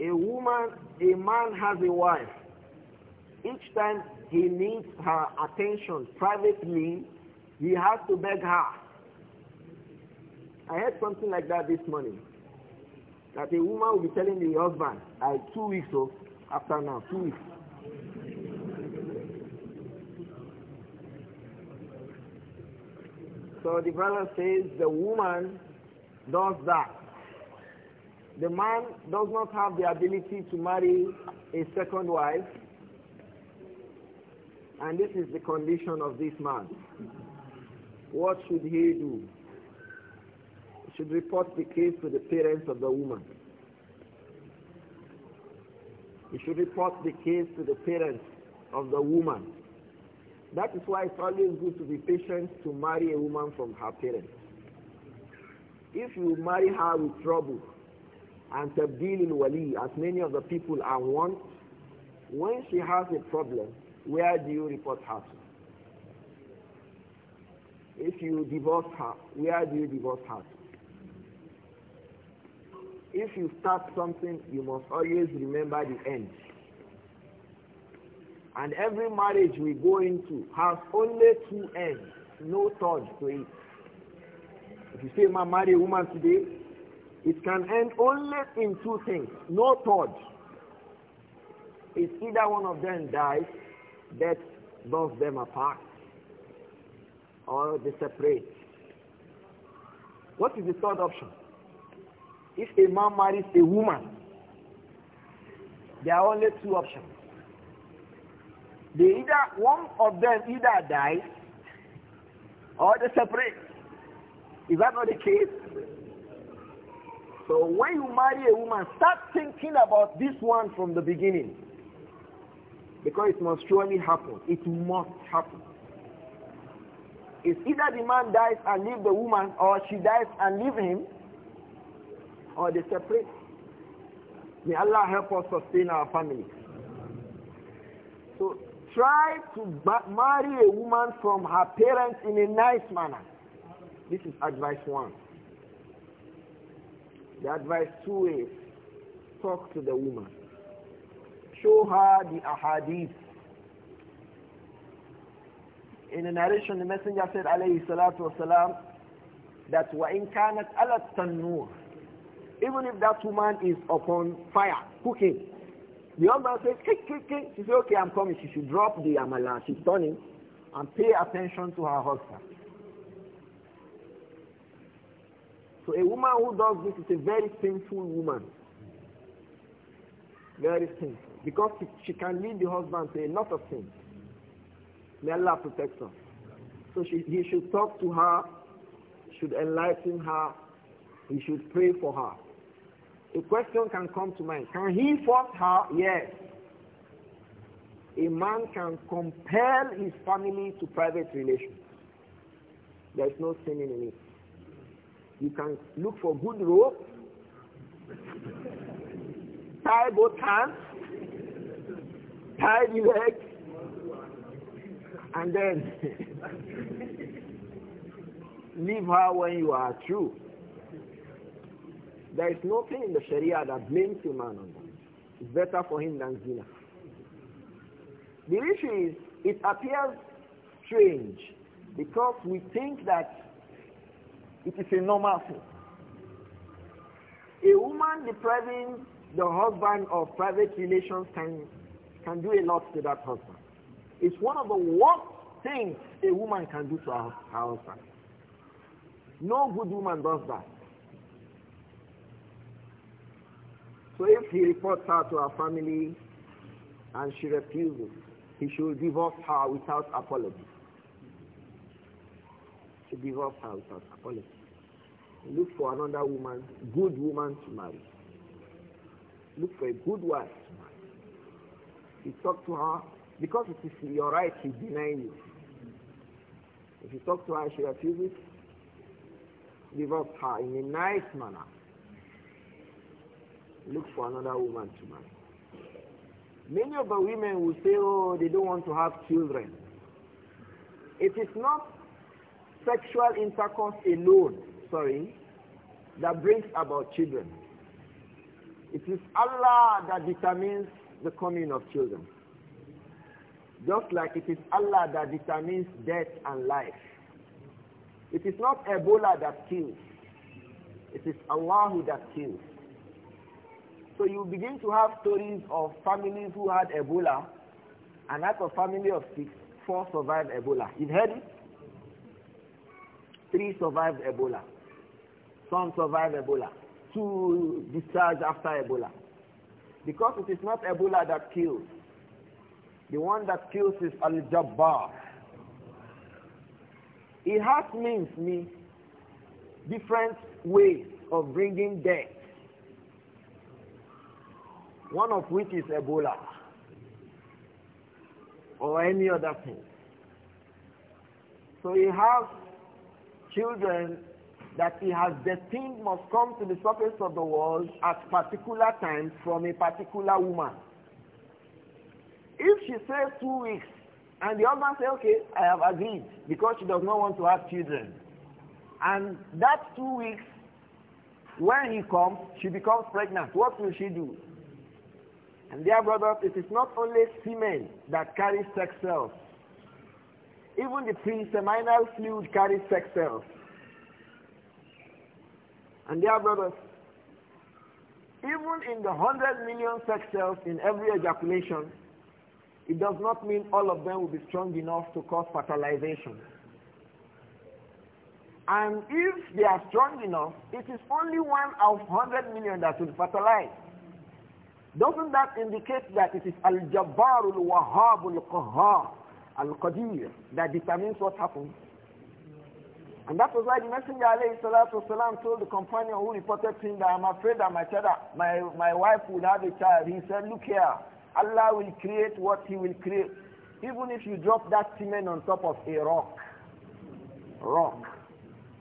a woman, a man has a wife. Each time he needs her attention privately, he has to beg her. I heard something like that this morning. That a woman will be telling the husband, I two weeks old, oh, after now, two weeks. So the brother says the woman does that the man does not have the ability to marry a second wife, and this is the condition of this man, what should he do? He should report the case to the parents of the woman. He should report the case to the parents of the woman. That is why it's always good to be patient to marry a woman from her parents. If you marry her with trouble, and tabdil wali as many of the people are want, when she has a problem, where do you report her to? If you divorce her, where do you divorce her to? If you start something, you must always remember the end. And every marriage we go into has only two ends, no third to it. If you say, Ma, marry a woman today, it can end only in two things, no third. If either one of them dies, death burns them apart or they separate. What is the third option? If a man marries a woman, there are only two options. They either one of them either dies or they separate. Is that not the case? So when you marry a woman, start thinking about this one from the beginning. Because it must surely happen. It must happen. It's either the man dies and leave the woman, or she dies and leave him, or they separate. May Allah help us sustain our family. So try to marry a woman from her parents in a nice manner. This is advice one. The advice two ways. Talk to the woman. Show her the ahadith. In the narration, the messenger said, alayhi salatu wasalam, that وَإِنْ كَانَتْ أَلَتْ Even if that woman is upon fire, cooking, the young man says, kick, kick, kick. She says, okay, I'm coming. She should drop the amala. She's turning and pay attention to her husband. So a woman who does this is a very sinful woman. Very sinful. Because she, she can lead the husband to a lot of things. May Allah protect her. So she, he should talk to her, should enlighten her, he should pray for her. A question can come to mind. Can he force her? Yes. A man can compel his family to private relations. There is no sin in it. You can look for good rope, tie both hands, tie the legs, and then <laughs> leave her when you are through. There is nothing in the Sharia that blames a man on that. It's better for him than zina. The issue is, it appears strange because we think that it is a normal thing. A woman depriving the husband of private relations can, can do a lot to that husband. It's one of the worst things a woman can do to her, her husband. No good woman does that. So if he reports her to her family and she refuses, he should divorce her without apology. She divorce her without apology. Look for another woman, good woman to marry. Look for a good wife to marry. You talk to her because it is your right, He denies you. If you talk to her, she refuses. Give up her in a nice manner. Look for another woman to marry. Many of the women will say, oh, they don't want to have children. It is not sexual intercourse alone sorry, that brings about children. It is Allah that determines the coming of children. Just like it is Allah that determines death and life. It is not Ebola that kills. It is Allah who that kills. So you begin to have stories of families who had Ebola, and out of family of six, four survived Ebola. You've heard it? Three survived Ebola. Some survive Ebola. Two discharge after Ebola. Because it is not Ebola that kills. The one that kills is Al-Jabbar. It has means me different ways of bringing death. One of which is Ebola or any other thing. So you have children that he has destined must come to the surface of the world at particular times from a particular woman. If she says two weeks, and the husband says, okay, I have agreed, because she does not want to have children. And that two weeks, when he comes, she becomes pregnant. What will she do? And dear brothers, it is not only semen that carries sex cells. Even the pre-seminal fluid carries sex cells. And dear brothers, even in the 100 million sex cells in every ejaculation, it does not mean all of them will be strong enough to cause fertilization. And if they are strong enough, it is only one out of 100 million that will fertilize. Doesn't that indicate that it is al qahar Al-Wahhab al Al-Qadir that determines what happens? And that was why the Messenger والسلام, told the companion who reported to him that I'm afraid that my, child, my, my wife would have a child. He said, look here, Allah will create what he will create. Even if you drop that cement on top of a rock, rock,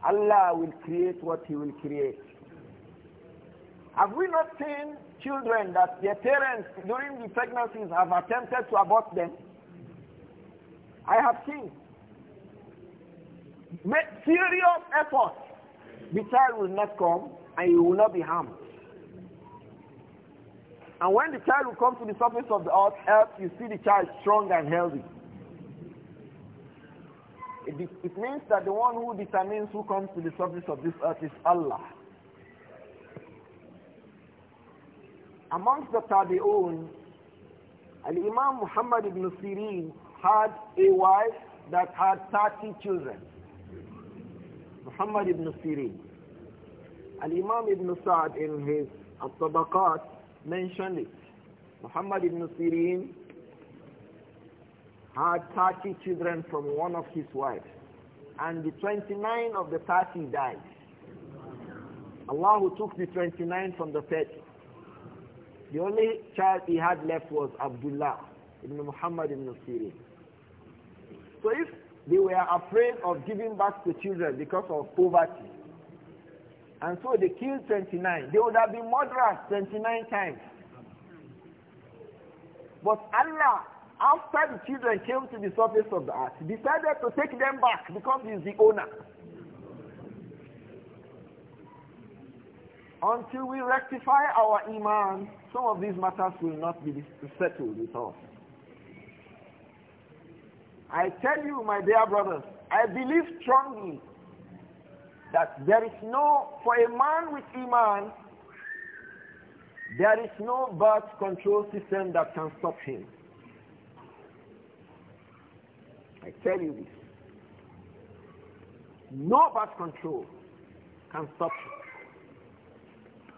Allah will create what he will create. Have we not seen children that their parents during the pregnancies have attempted to abort them? I have seen make serious effort, the child will not come and you will not be harmed. And when the child will come to the surface of the earth, earth you see the child strong and healthy. It, it means that the one who determines who comes to the surface of this earth is Allah. Amongst the Tabi'un, Al-Imam Muhammad ibn Sirin had a wife that had 30 children. Muhammad ibn Sirin. Al-Imam ibn sa in his Al-Tabaqat mentioned it. Muhammad ibn Sirin had 30 children from one of his wives and the 29 of the 30 died. Allah who took the 29 from the 30. The only child he had left was Abdullah ibn Muhammad ibn Sirin. So if they were afraid of giving back to children because of poverty. And so they killed 29. They would have been murderers 29 times. But Allah, after the children came to the surface of the earth, decided to take them back because he's the owner. Until we rectify our iman, some of these matters will not be settled with us. I tell you, my dear brothers, I believe strongly that there is no, for a man with Iman, there is no birth control system that can stop him. I tell you this. No birth control can stop him.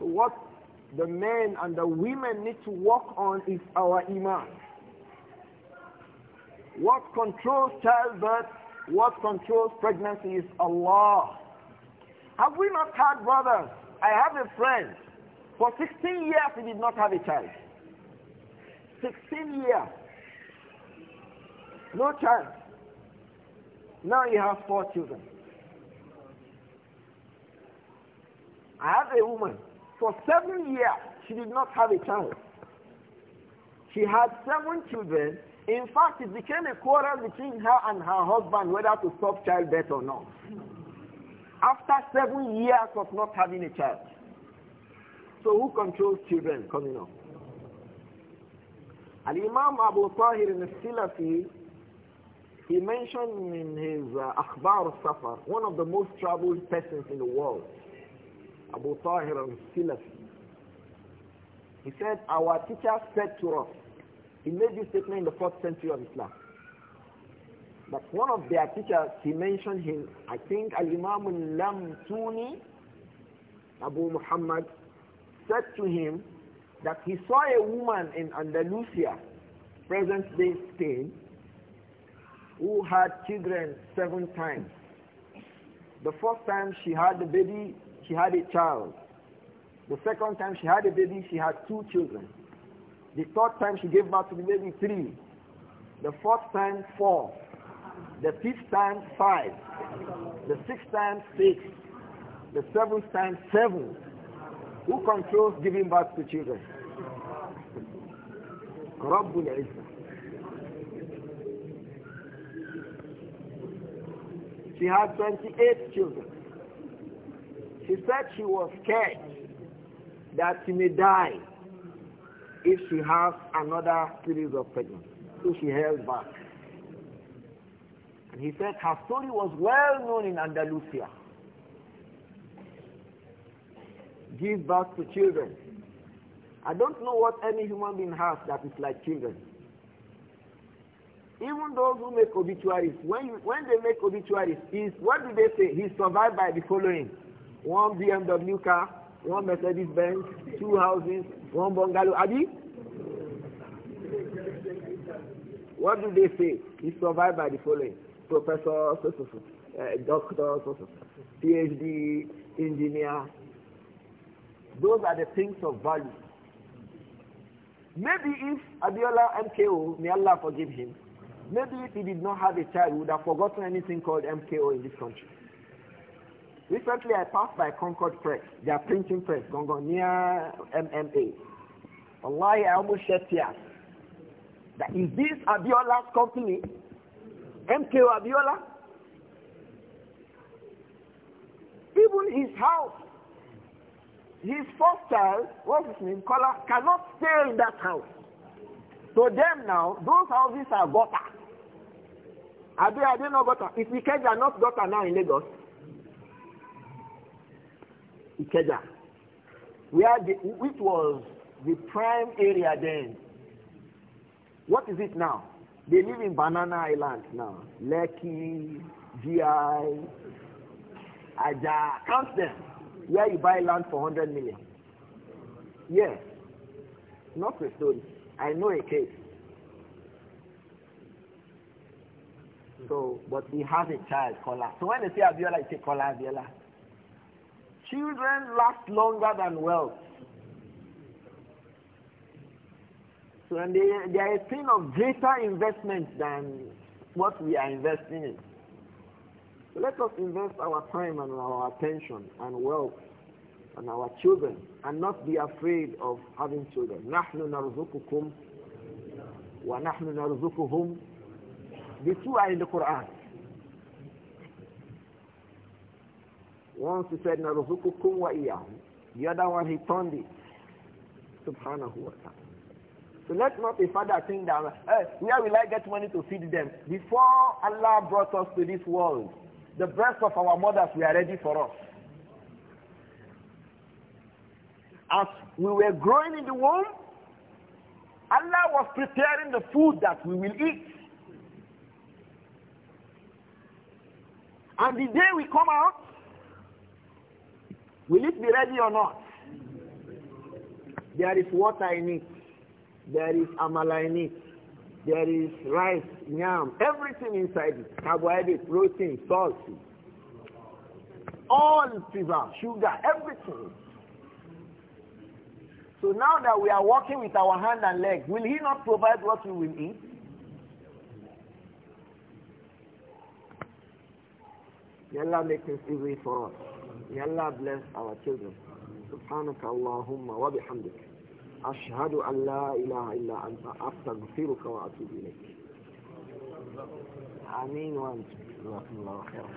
So what the men and the women need to work on is our Iman. What controls childbirth, what controls pregnancy is Allah. Have we not had brothers? I have a friend. For 16 years he did not have a child. 16 years. No child. Now he has four children. I have a woman. For seven years, she did not have a child. She had seven children in fact, it became a quarrel between her and her husband whether to stop childbirth or not. After seven years of not having a child. So who controls children coming up? Al-Imam Abu Tahir al-Silafi, he mentioned in his uh, Akhbar safar one of the most troubled persons in the world, Abu Tahir al-Silafi. He said, our teacher said to us, he made this statement in the fourth century of Islam. But one of their teachers, he mentioned him, I think Al-Imam Lamtuni, Abu Muhammad, said to him that he saw a woman in Andalusia, present-day Spain, who had children seven times. The first time she had a baby, she had a child. The second time she had a baby, she had two children. The third time she gave birth to the baby, three. The fourth time, four. The fifth time, five. The sixth time, six. The seventh time, seven. Who controls giving birth to children? Rabbul Izzah. She had 28 children. She said she was scared that she may die if she has another series of pregnancy. So she held back. And he said her story was well known in Andalusia. Give birth to children. I don't know what any human being has that is like children. Even those who make obituaries, when, you, when they make obituaries, is, what do they say? He survived by the following. One BMW car, one Mercedes Benz, two houses, one bungalow. Abi? What do they say? He survived by the following. Professor, so, so, so, uh, doctor, so, so, PhD, engineer. Those are the things of value. Maybe if Abiola MKO, may Allah forgive him, maybe if he did not have a child, he would have forgotten anything called MKO in this country. Recently, I passed by Concord Press, their printing press, Gongo, near MMA. Allah, I almost shed tears. That is this Abiola's company? MKO Abiola? Even his house, his foster, child, what's his name, Kola, cannot stay in that house. So them now, those houses are gutter. Are they, are they not gutter? If we can, they are not gutter now in Lagos. Ikeja, where the, which was the prime area then. What is it now? They live in Banana Island now. Lekki, GI, Aja, count them. Where you buy land for 100 million. Yes. Not a story. I know a case. So, but he has a child, Kola. So when they say Abiola, it's say Kola Abiola. Children last longer than wealth. So and they, they are a thing of greater investment than what we are investing in. So let us invest our time and our attention and wealth and our children and not be afraid of having children. نَحْنُ نَرْزُقُكُمْ وَنَحْنُ نَرْزُقُهُمْ The two are in the Quran. Once he said, Naruzukukum wa iyahum. The other one, he turned it. Subhanahu wa ta'ala. So let not a father think that, hey, where will I get money to feed them? Before Allah brought us to this world, the breasts of our mothers were ready for us. As we were growing in the womb, Allah was preparing the food that we will eat. And the day we come out, Will it be ready or not? There is water in it. There is amala in it. There is rice, yam, everything inside it. Carbohydrate, protein, salt. All preserved, sugar, everything. So now that we are working with our hand and leg, will he not provide what we will eat? May Allah makes easy for us. May Allah bless our children. سبحانك اللهم وبحمدك أشهد أن لا إله إلا أنت أستغفرك وأتوب إليك آمين وأنتم جزاكم الله خيرا